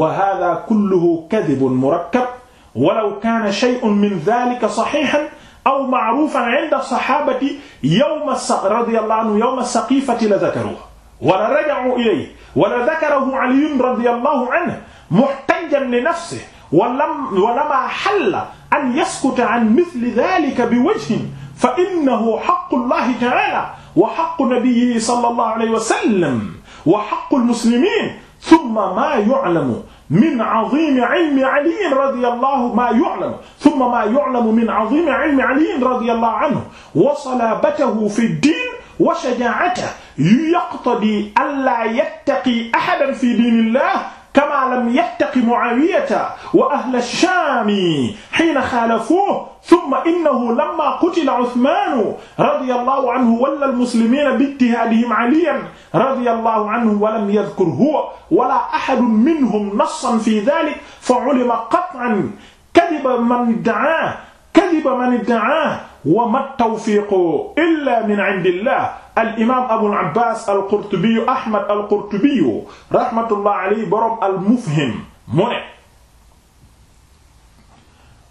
wa haadhaa kulluhu kadhibun murakkab walaw kaana shay'un min dhaalika sahiihan aw ma'rufan 'inda sahabati yawma radiyallahu anhu yawma saqifati la dhakaruhu wala raja'u ilayhi wala dhakarahu 'aliyyun radiyallahu anhu muhtajjan li nafsihi walama halla an yaskuta 'an mithli dhalika biwajhin fa innahu haqqu llahi ta'ala wa haqqu nabiyyihi sallallahu alayhi wa sallam wa haqqu al-muslimin thumma ma yu'lamu min azimi ilmi aliyin radiyallahu maa yu'lamu thumma maa yu'lamu min azimi ilmi aliyin radiyallahu anhu wa salabatahu fi diin wa shajaa'atahu yaqtadi allaa yattaqi ahadan fi diinillah kamaa lam yattaqi Muawiyata wa ahla Shaami hiina xaalafuuhu summa innahu lammaa qutila Usmaanu radiyallaahu anhu walla al-muslimiina bi-ijtihaadihim Aliyan radiyallaahu anhu wa lam yadkur huwa wala ahadun minhum nassan fii daalika fa-ulima qat'an kadiba man idda'aahu kadiba man idda'aahu wa maa at-tawfiiqu illaa min 'indillaah al imaam Abul Abbaas al Qurtubi Ahmad al Qurtubi rahmatullah alayhi borom al Mufhim mu ne.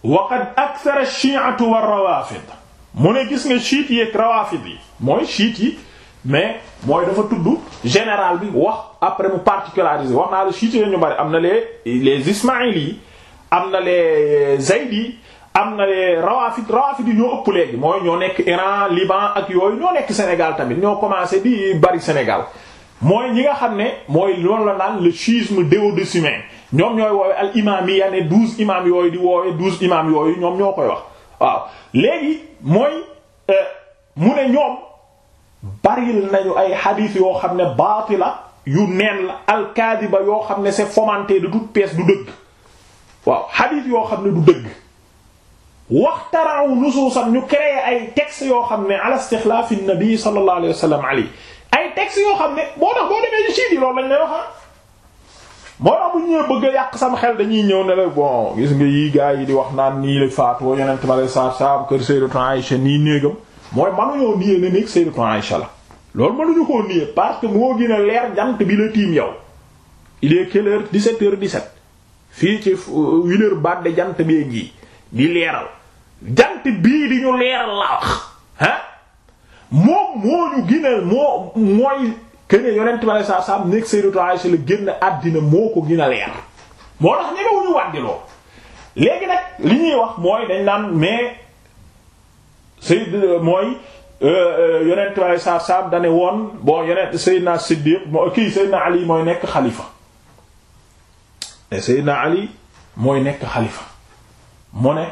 wa qad akthara ash-shi'atu war-rawaafid mu ne gis nga chiit yeeg rawaafid yi mooy chiit yi mais mooy dafa tudd général bi wax après mu particularisé wax naa la chiit yi ñu bari am na les les Ismaïli yi am na les Zaydi am na les rawafid rawafid yi ñoo ëpp léegi mooy ñoo nekk Iran Liban ak yooyu ñoo nekk Sénégal tamit ñoo commencé di bari Sénégal mooy ñi nga xam ne mooy loolu la naan le schisme duodécimain ñoom ñooy woowe al imam yi ne douze imam yooyu di woowe douze imam yooyu ñoom ñoo koy wax waaw léegi mooy euh, mu ne ñoom baril nañu ay hadith yoo xam ne baatila yu neen la alkaadiba yoo xam ne c'est fomenté de toute pièce du dëgg waaw hadith yoo xam ne du dëgg waxtaraw nusuusam ñu créé ay textes yoo xam ne ala istixlaafi nabi sallallahu alayhi wa sallam ali ay textes yoo xam ne boo tax boo demee ci siit yi loolu lañ lay wax ah. moo tax bu ñu ñëwee bëgg yàq sam xel dañuy ñëw ne la bon gis nga yii gars yi di wax naan nii la faatoo yonent ma lay saar saam kër Sayyidatu Aïcha nii néegam mooy mënuñoo niyee ne néeg Sayyidatu Aïcha la. loolu mënuñu koo niyee parce que moo gën a leer jant bi la tiim yow il est quelle heure 17 heures fii ci une euh, heure de jant bee ngi di leeral. jant bii di ñu leer la wax ah moom moo ñu gënal moo mooy kene yonent bi alei satu salaam nekk Sayyidatu la génn àddina moo ko gën leer moo tax ñemewuñu wàddiloo léegi nag li ñuy wax mooy dañ naan mais Sayyid mooy euh, euh, yonent bi alei satu salaam woon bon yonent Sayyidna Siddiq moo kii Sayyidna Ali mooy nekk xalifa Sayyidna Ali mooy nekk xalifa mu ne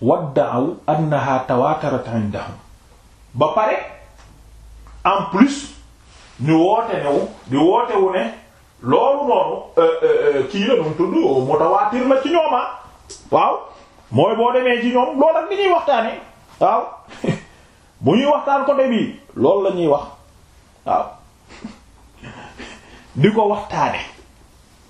waddaaw annaha tawaatarat indahum ba pare en plus ñu woote newu di wootewu ne loolu noonu euh, euh, euh, kii la ñu tudd mutawaatir la ci ñooma ah. waaw mooy boo demee ci ñoom loolu ak ñuy waxtaane waaw bu ñuy waxtaan côté bii loolu la ñuy wax waaw di ko waxtaane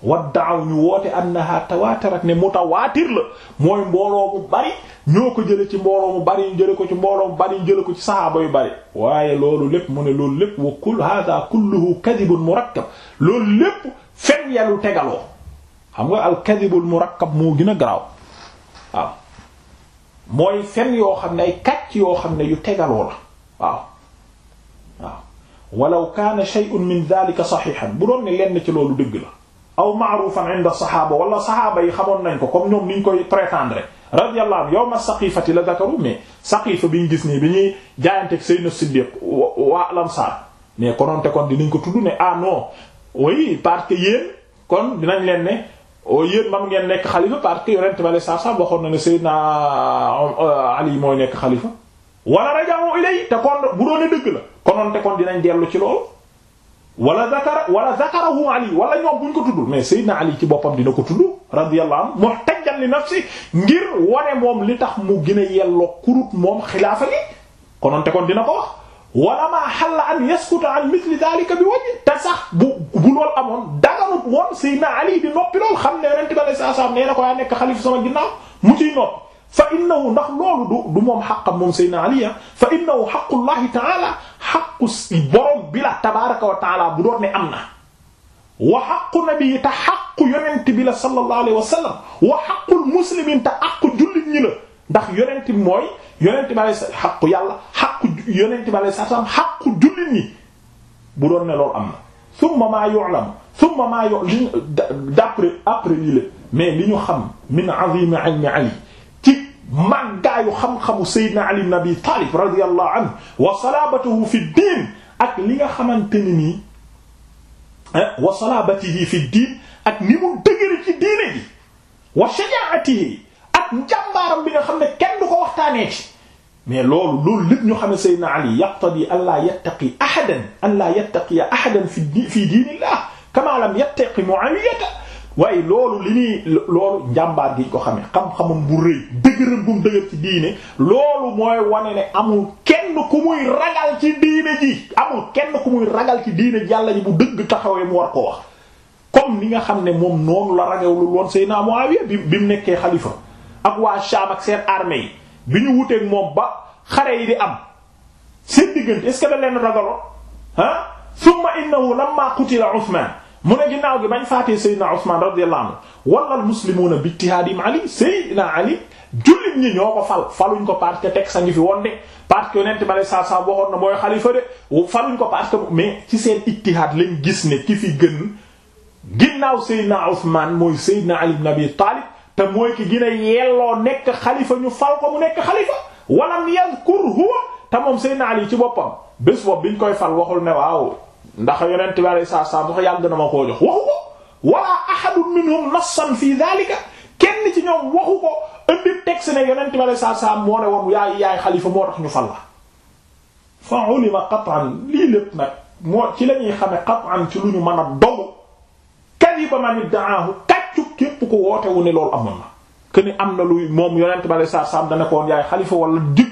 waddaaw ñu woote annaha tawaatarat ne mutawaatir la mooy mbooloo bu bari ñoo ko jële ci mbooloo mu bari ñu jële ko ci mbooloo mu bari ñu jële ko ci saxaaba yu bari waaye loolu lépp mu ne loolu lépp wa kul hada kulluhu kadibun murakkab loolu lépp fen yalu tegaloo xam nga al mu murakkab moo gën a garaaw waaw mooy fen yoo xam ne ay kàcc yoo xam ne yu tegaloo la waaw waaw walaw kaana shay'un min dhalika saxiixan bu doon ne lenn ci loolu dëgg la aw ma'rufan inda saxaaba wala saxaaba yi xamoon nañ ko comme ñoom niñ koy prétendre radiyallahu anhu yawma saqifati la dakaru mais saqifa bi ñu gis nii bi ñuy jaayanteeg Seydina Siddiq waa Lamsaar mais kononte kon dinañ ko tudd ne ah no oui parce que yéen kon dinañ leen ne oh, yéen man ngeen nekk xalifa parce que yonent bale saa saa waxoon na ne Seydina euh, Ali mooy nekk xalifa wala raja'u ilay te kon bu doone dëgg la kononte kon dinañ dellu ci loolu wala zakara wala zakarahu ali wala ñoom buñ ko tudd mais Seydina Ali ci boppam dina ko tudd radiyallahu anhu muhtajjan li nafsi ngir wane moom li tax mu gën a yelloo kurut moom xilaafa gi konoonte kon dina ko wax wala maa xalla an yaskuta an mithli dhalika bi wajh te sax bu bu lool amoon daganut woon Seydina Ali di noppi lool xam ne yonent bi sallallahu alayhi wasallam nee na ko yaa nekk xalifa sama ginnaaw mu ciy noppi fa innahu ndax loolu du du moom xaqam moom Seydina Ali ah. fa innahu xaqullahi taala xaqu borom bi la tabaraka wa taala bu doon ne am na wa xaqu nabii te xaqu yonent bi la sallallahu alayhi wa sallam wa xaqul muslimin te aqu jullit ñi la ndax yonent mooy yonent bi alayhi xaqu yàlla xaqu yonent bi alayhi salaam xaqu jullit ñi bu doon ne loolu am na summa maa yu'lam summa maa yu'lam d'après après lii la mais li ñu xam min azimi ilmi Ali màggaayu xam-xamu Seydina Ali ibn Abi Talib radiyallahu anhu wa salabatuhu fi diin ak li nga xamante ni nii eh, wa salabatihi fi diin ak ni mu dëgëri ci diine ji wa shajaatihi ak njàmbaaram bi nga xam ne kenn du ko waxtaanee ci mais loolu loolu lépp ñu xam ne Seydina Ali yaqtadi an la yattaqi ahadan an la yattaqiya ahadan fi fi diinillah kama lam yattaqi Muawiyata waaye loolu li ñuy loolu njàmbaar gi ñu ko xamee xam-xamam bu rëy dëgëram bu mu dëgër ci diine loolu mooy wane ne amul kenn ku muy ragal ci diine ji amul kenn ku muy ragal ci diine yàlla ji bu dëgg taxawee mu war ko wax comme ni nga xam ne moom noonu la ragewlu woon Seydina Muawiya bi bi mu nekkee xalifa ak waa Sham ak seen armée bi ñu wuteeg moom ba xare yi di am seen diggante est-ce que da leen ragaloon ah summa qutila Uthman mu ne ginnaaw gi bañ faatee Seydina Usmaan radiyallahu anhu wala al muslimuuna bi ittihaadihim Ali Seydina Ali jullit ñi ñoo ko fal faluñ ko parce que teg sa ngi fi woon de parce que yonent ma saa saa waxoon na mooy xalifa de faluñ ko parce que mais ci seen ittihaad lañ gis ne ki fi gën ginnaaw Seydina Usmaan mooy Seydina Ali ibn Abi Taalib te mooy ki gën a yelloo nekk xalifa ñu fal ko mu nekk xalifa walam yadhkur huwa te moom Seydina Ali ci boppam bés bopp biñ koy fal waxul ne waaw. ndax yonent bi alayhi salaatu salaam wax yàgg na ma koo jox waxu ko wala ahadun minhum nassan fi dhalika kenn ci ñoom waxu ko indi texte ne yonent bi alayhi salaatu salaam moo ne woon yaay yaay xalifa moo tax ñu fal fa ulima ci la ñuy xame qat'an ci lu ñu mën a dogu kadiba man iddaahu kàccu képp wu ne loolu amoon ni am na luy moom yonent bi alayhi salaatu salaam dana ko woon yaay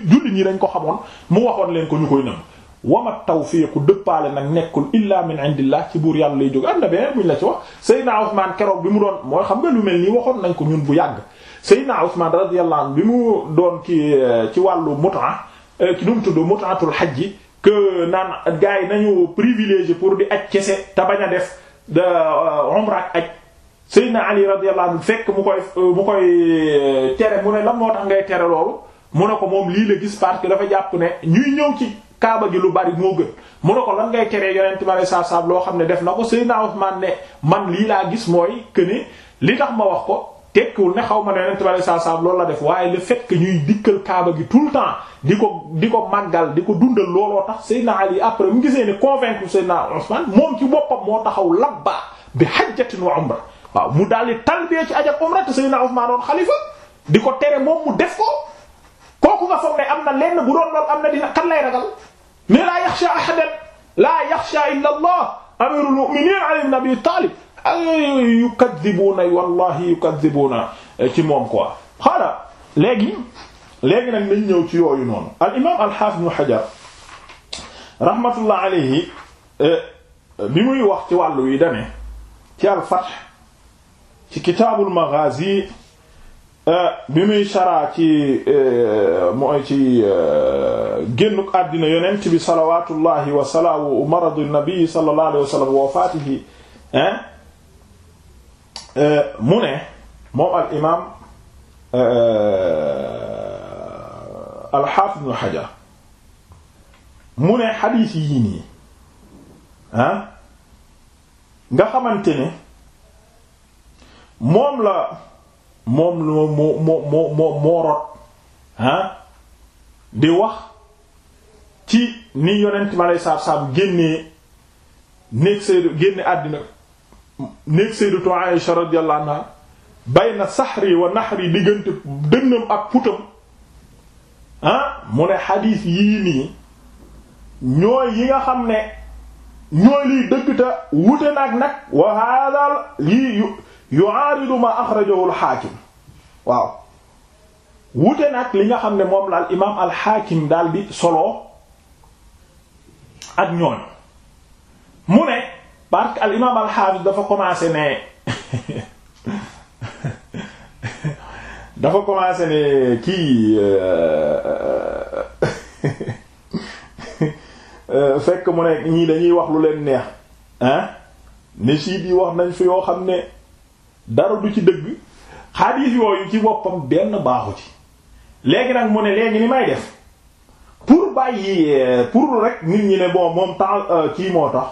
julli ñi dañ ko xamoon mu waxoon leen ko ñu koy nëbb wamat tawfiiqu dëppaale nag nekkul illa min indillah ci buur yàlla lay jóge am na beneen buñ la ci wax Seydina Ousmane keroog bi mu doon mooy xam nga lu mel nii waxoon nañ ko ñun bu yàgg Seydina Ousmane radiyallahu anhu bi mu doon ki eh, ci wàllu mutaa ki eh, nu mu tudd mutaatul hajji que naan gars yi nañu privilégié pour di aj kese te bañ a def eh, umra ak aj Seydina Ali radiyallahu anhu fekk mu koy mu koy tere mu ne lan moo tax ngay tere loolu mu ne ko moom lii la gis parce que dafa jàpp ne ñuy ñëw ci kaaba gi lu bari moo gën mu ne ko lan ngay keree yonent ma lay saab saab loo xam ne def na ko Seydina Usmaan ne man lii laa gis mooy que ne li tax ma wax ko tekkiwul ne xaw ma ne yonent ma saab saab loolu la def waaye le fait ñuy dikkal kaaba gi tout le temps di ko di ko màggal di ko dundal looloo tax Seydina Ali après mu gisee ne convaincre Seydina Usmaan moom ci boppam moo taxaw labba bi hajjatin wa umra waaw mu daal di talbiya ci aj ak umra te Seydina Usmaan di ko tere moom def ko kooku am na lenn bu doon lool am na dina kan lay ragal mais laa yaxsha ahadan laa yaxsha illa allah amirul mu'minin ali ibn abi talib ay yukaddibuuna wallahi yukaddibuuna eh, ci moom quoi xaala léegi léegi nag nañ ñëw ci yooyu noonu al imam alxaafid ibn hajar rahmatullah alayhi eh, bi muy wax ci wàllu yi dane ci al fath ci kitaabul maghazi Euh, bi muy sharaa ci euh, mooy ci euh, génnuk àddina yonent bi salawatullahi wa salaamu maradu nabi sallallahu alayhi wa sallam wafaatihi mu ne moom al imaam al haafid ibn Hajar mu ne xadiis nga xamante ne moom la moom moo moo moo moo moo rot ah di wax ci ni yonent mi aleyhi salaatu salaam génnee néeg saydu génne àddina néeg sayyidatu Aïsha radiyallahu anha na saxri wa naxri diggante dënnam ak putam ah mu ne xadiis yii nii ñooy yi nga xam ne ñooy liy dëgg te wute nag nag wa hada lii yu yu'aaridu ma axrajahu al-Haakim waaw wute nag li nga xam ne moom la al imaam al-Haakim daal di solo ak ñooñ mu ne parce que al imaam al-Haafiz dafa commencé ne dafa commencé ne kii euh, euh, fekk mu ne ñii dañuy wax lu leen neex ne siit yi wax nañ fi yoo xam ne dara du ci dëgg xadiis yooyu ci boppam benn baaxu ci léegi nag mu ne léegi li may def pour bàyyi pour rek nit ñi ne bon moom temps euh, kii moo tax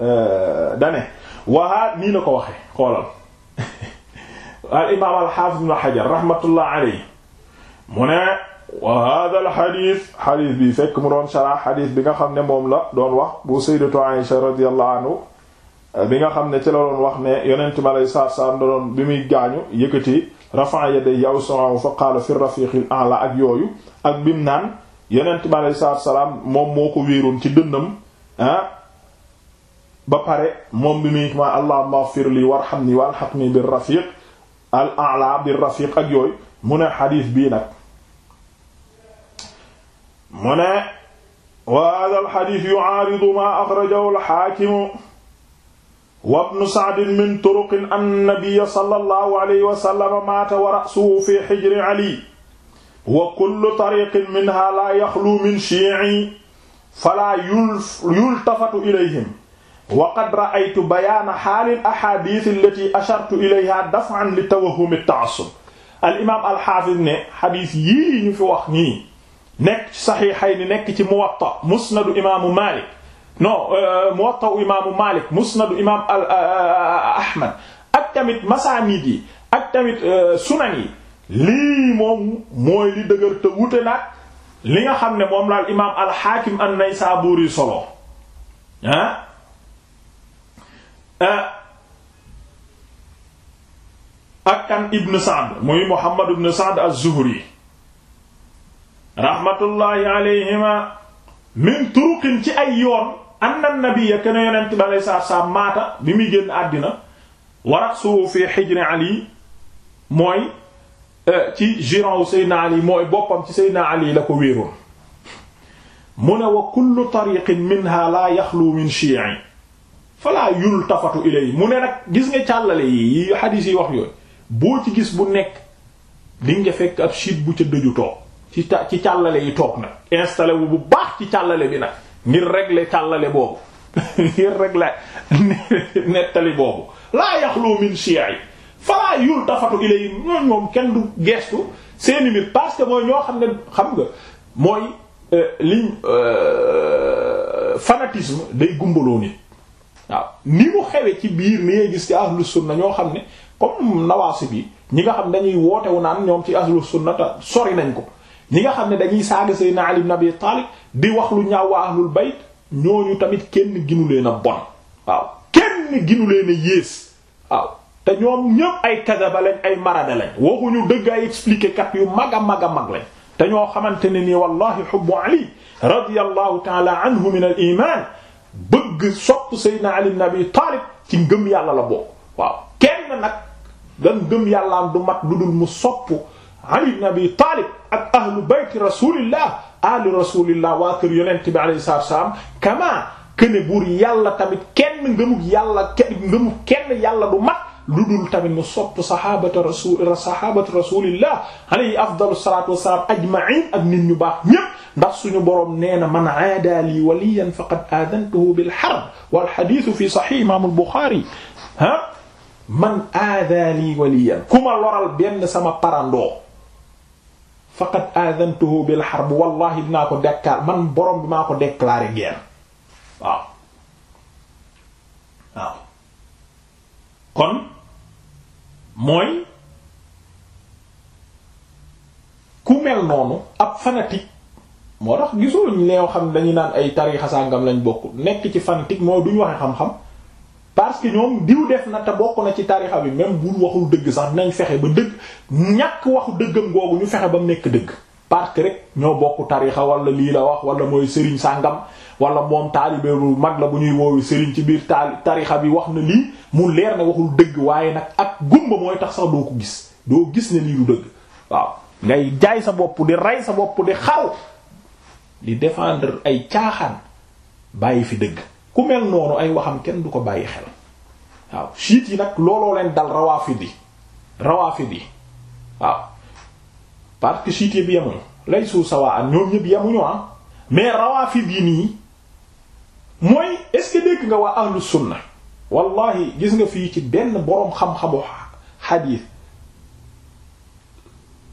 euh, dane waa nii la ko waxe xoolal al imaam al xaafis ibn bi nga xam ne moom la doon wax bu sayyidatu Aisha radiyallahu anha bi nga xam ne ci la doon wax ne yonent mi aleyhi salaatu salaam da doon bi muy gaañu yëkkati rafa'a yadayhi awsa'ahu fa qaala fi rafiqil a'la ak yooyu ak bim naan yonent mi aleyhi salaatu salaam moom moo ko wéeroon ci dënnam ah ba pare moom bi muy ma allahumma ighfir li warhamni walhaqni bir rafiq al a'la bir rafiq ak yooyu mu ne xadiis bii nag mu ne wa hadha al hadith yu'aridu ma akhrajahu al hakim wabnu saadin min turuqin an nabiyya sallallahu alayhi wa sallam maata wa ra'suhu fi hijri ali wa kullu tariqin minha la yaxlu min shii'i fala yultafatu ilayhim wa qad ra'aytu bayaana xaali al-ahaadiis allati ashartu ilayha daf'an li tawahhumi at-ta'assub al-imaam al-haafiz ne xadiis yii ñu fi wax nii nekk ci saxiixayni nekk ci muwatta musnadu imaamu maalik non euh, Muwatta imaamu Malik Musnad imaam al euh, euh, Ahmad ak tamit masaanid yi ak tamit sunan yi lii moom mooy li dëgër te wute nag li nga xam ne moom laal imaam al Hakim an-Naysaburi solo ah. ak kan Ibn Sa'd muy Muhammad ibn Sa'd az-Zuhri rahmatullahi alayhima min turuqin ci ay yoon. anna nabiyya keneen yonent bi alayhi maata bi muy génn àddina wa ra'suhu fi hijri Ali mooy euh, ci giron wu Seydina Ali mooy boppam ci Seydina Ali la ko wéeroon mu ne wa kullu tariqin minha la yaxlu min shi'i fala yultafatu ilay mu ne nag gis nga càllale yi yi xadiis yi wax yooyu boo ci gis bu nekk di nga fekk ab siit bu ca dëju toog ci càllale yi toog nag installé wu bu baax ci càllale bi nag ngir régler càllale boobu ngir régler nettali boobu laa yaxlu min shi'i falaa yultafatu ilay ñoom ñoom kenn du gestu seeni mbir parce que mooy ñoo xam ne xam nga mooy euh, liñ euh, fanatisme day gumbaloo nit waaw ni mu xewe ci biir ni ngay gis ci ahlu sunna ñoo xam ne comme nawaasi bi ñi nga xam dañuy wootewu naan ñoom ci ahlu sunna sori nañ ko ñi nga xam ne dañuy saaga Seydina Ali ibn Abi Talib di wax lu ñaaw waa ahlul bayt ñooñu tamit kenn ginu leen a bon waaw kenn ginu leen a yées waaw te ñoom ñëpp ay kadaba lañ ay marada lañ waxuñu dëgg ay expliquer kat yu mag a mag a mag lañ te ñoo xamante ne nii wallahi hubbu Ali radiyallahu ta'ala anhu min al iman bëgg sopp Seydina Ali ibn Abi Talib ci ngëm yàlla la bokk waaw kenn nag dan ngëm yàllaam du mat lu dul mu sopp Ali ibn Abi Taalib ak ahlu bayti rasulillah ahli rasulillah waa kër yonent bi alayhi salaatu wassalaam kamaa këne buur yàlla tamit kenn ngëmug yàlla kenn ngëmug kenn yàlla du mat lu dul tamit mu sopp sahabata rasul sahabatu rasulillah alayhi afdalu salatu wasalam ajma'in ak nit ñu baax ñépp ndax suñu boroom nee na man aada lii waliyan faqad aadantuhu bil harb wal hadithu fi sahih imam al bukhari ah man aada lii waliyan ku ma loral benn sama parandoo faqad aadantuhu bil harb wallahi dinaa ko dekkaar man borom bi maa ko déclaré guerre waaw waaw kon mooy ku mel noonu ab fanatique moo tax gisoo ñu xam dañu naan ay tariixa sàngam lañ bokk nekk ci fanatique moo duñu waxe xam-xam parce que ñoom diw def na te bokk na ci tarixa bi même bu waxul dëgg sax nañ fexe ba dëgg ñàkk waxu dëggam googu ñu fexe ba mu nekk dëgg parce que rek ñoo bokk tarixa wala lii la wax wala mooy sëriñ sàngam wala moom taalibe bu mag la bu ñuy woowi sëriñ ci biir taali tarixa bi wax na lii mu leer ne waxul dëgg waaye nag ak gumba mooy tax sax doo ko gis doo gis ne lii du dëgg waaw ngay jaay sa bopp di rey sa bopp di xaru di défendre ay caaxaan bàyyi fi dëgg ku mel noonu ay waxam kenn du ko bàyyi xel waaw chiites yi nag looloo leen dal rawaafid yi rawaafid yi waaw parce que chiites yëpp yemuñu lay suuf sawaan ñoom ñëpp yemuñu ah mais rawaafid yi nii mooy est-ce que dégg nga waa ahlu sunna wallahi gis nga fii ci benn boroom xam-xamu xadiis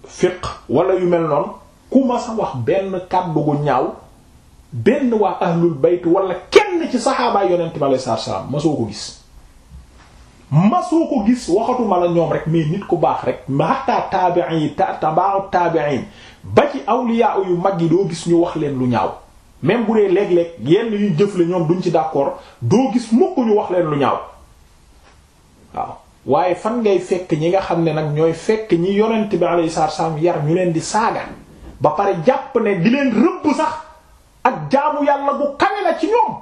fiqh wala yu mel noonu ku ma sa wax benn kàddu ñaaw benn waa ahlul bayt wala kenn ci saxaabaay yonent bi aleyhi salaatu salaam masoo ko gis masoo ko gis waxatuma la ñoom rek mais nit ku baax rek hatta taabi'in yi tabaaru taabi'in ba ci awliya yu mag yi doo gis ñu wax leen lu ñaaw même bu dee léeg-léeg yenn jëf jëfle ñoom duñ ci d'accord doo gis mukk ñu wax leen lu ñaaw waaw waaye fan ngay fekk ñi nga xam ne nag ñooy fekk ñi yonent bi aleyhi salaatu yar ñu leen di saaga ba pare jàpp ne di leen rëbb sax ak jaamu yàlla bu kawe la ci ñoom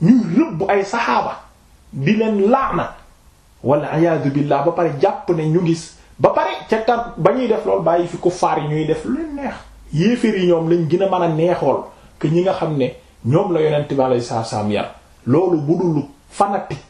ñuy rëbb ay saxaaba di leen laana wala iyaadu billah ba pare jàpp ne ñu gis ba pare ca tar ba ñuy def lool bàyyi fi kuffaar yi ñuy def lu leen neex yéeféer yi ñoom lañ gën a mën a neexool que ñi nga xam ne ñoom la yonent bi alayhi salaam yar loolu budul fanatique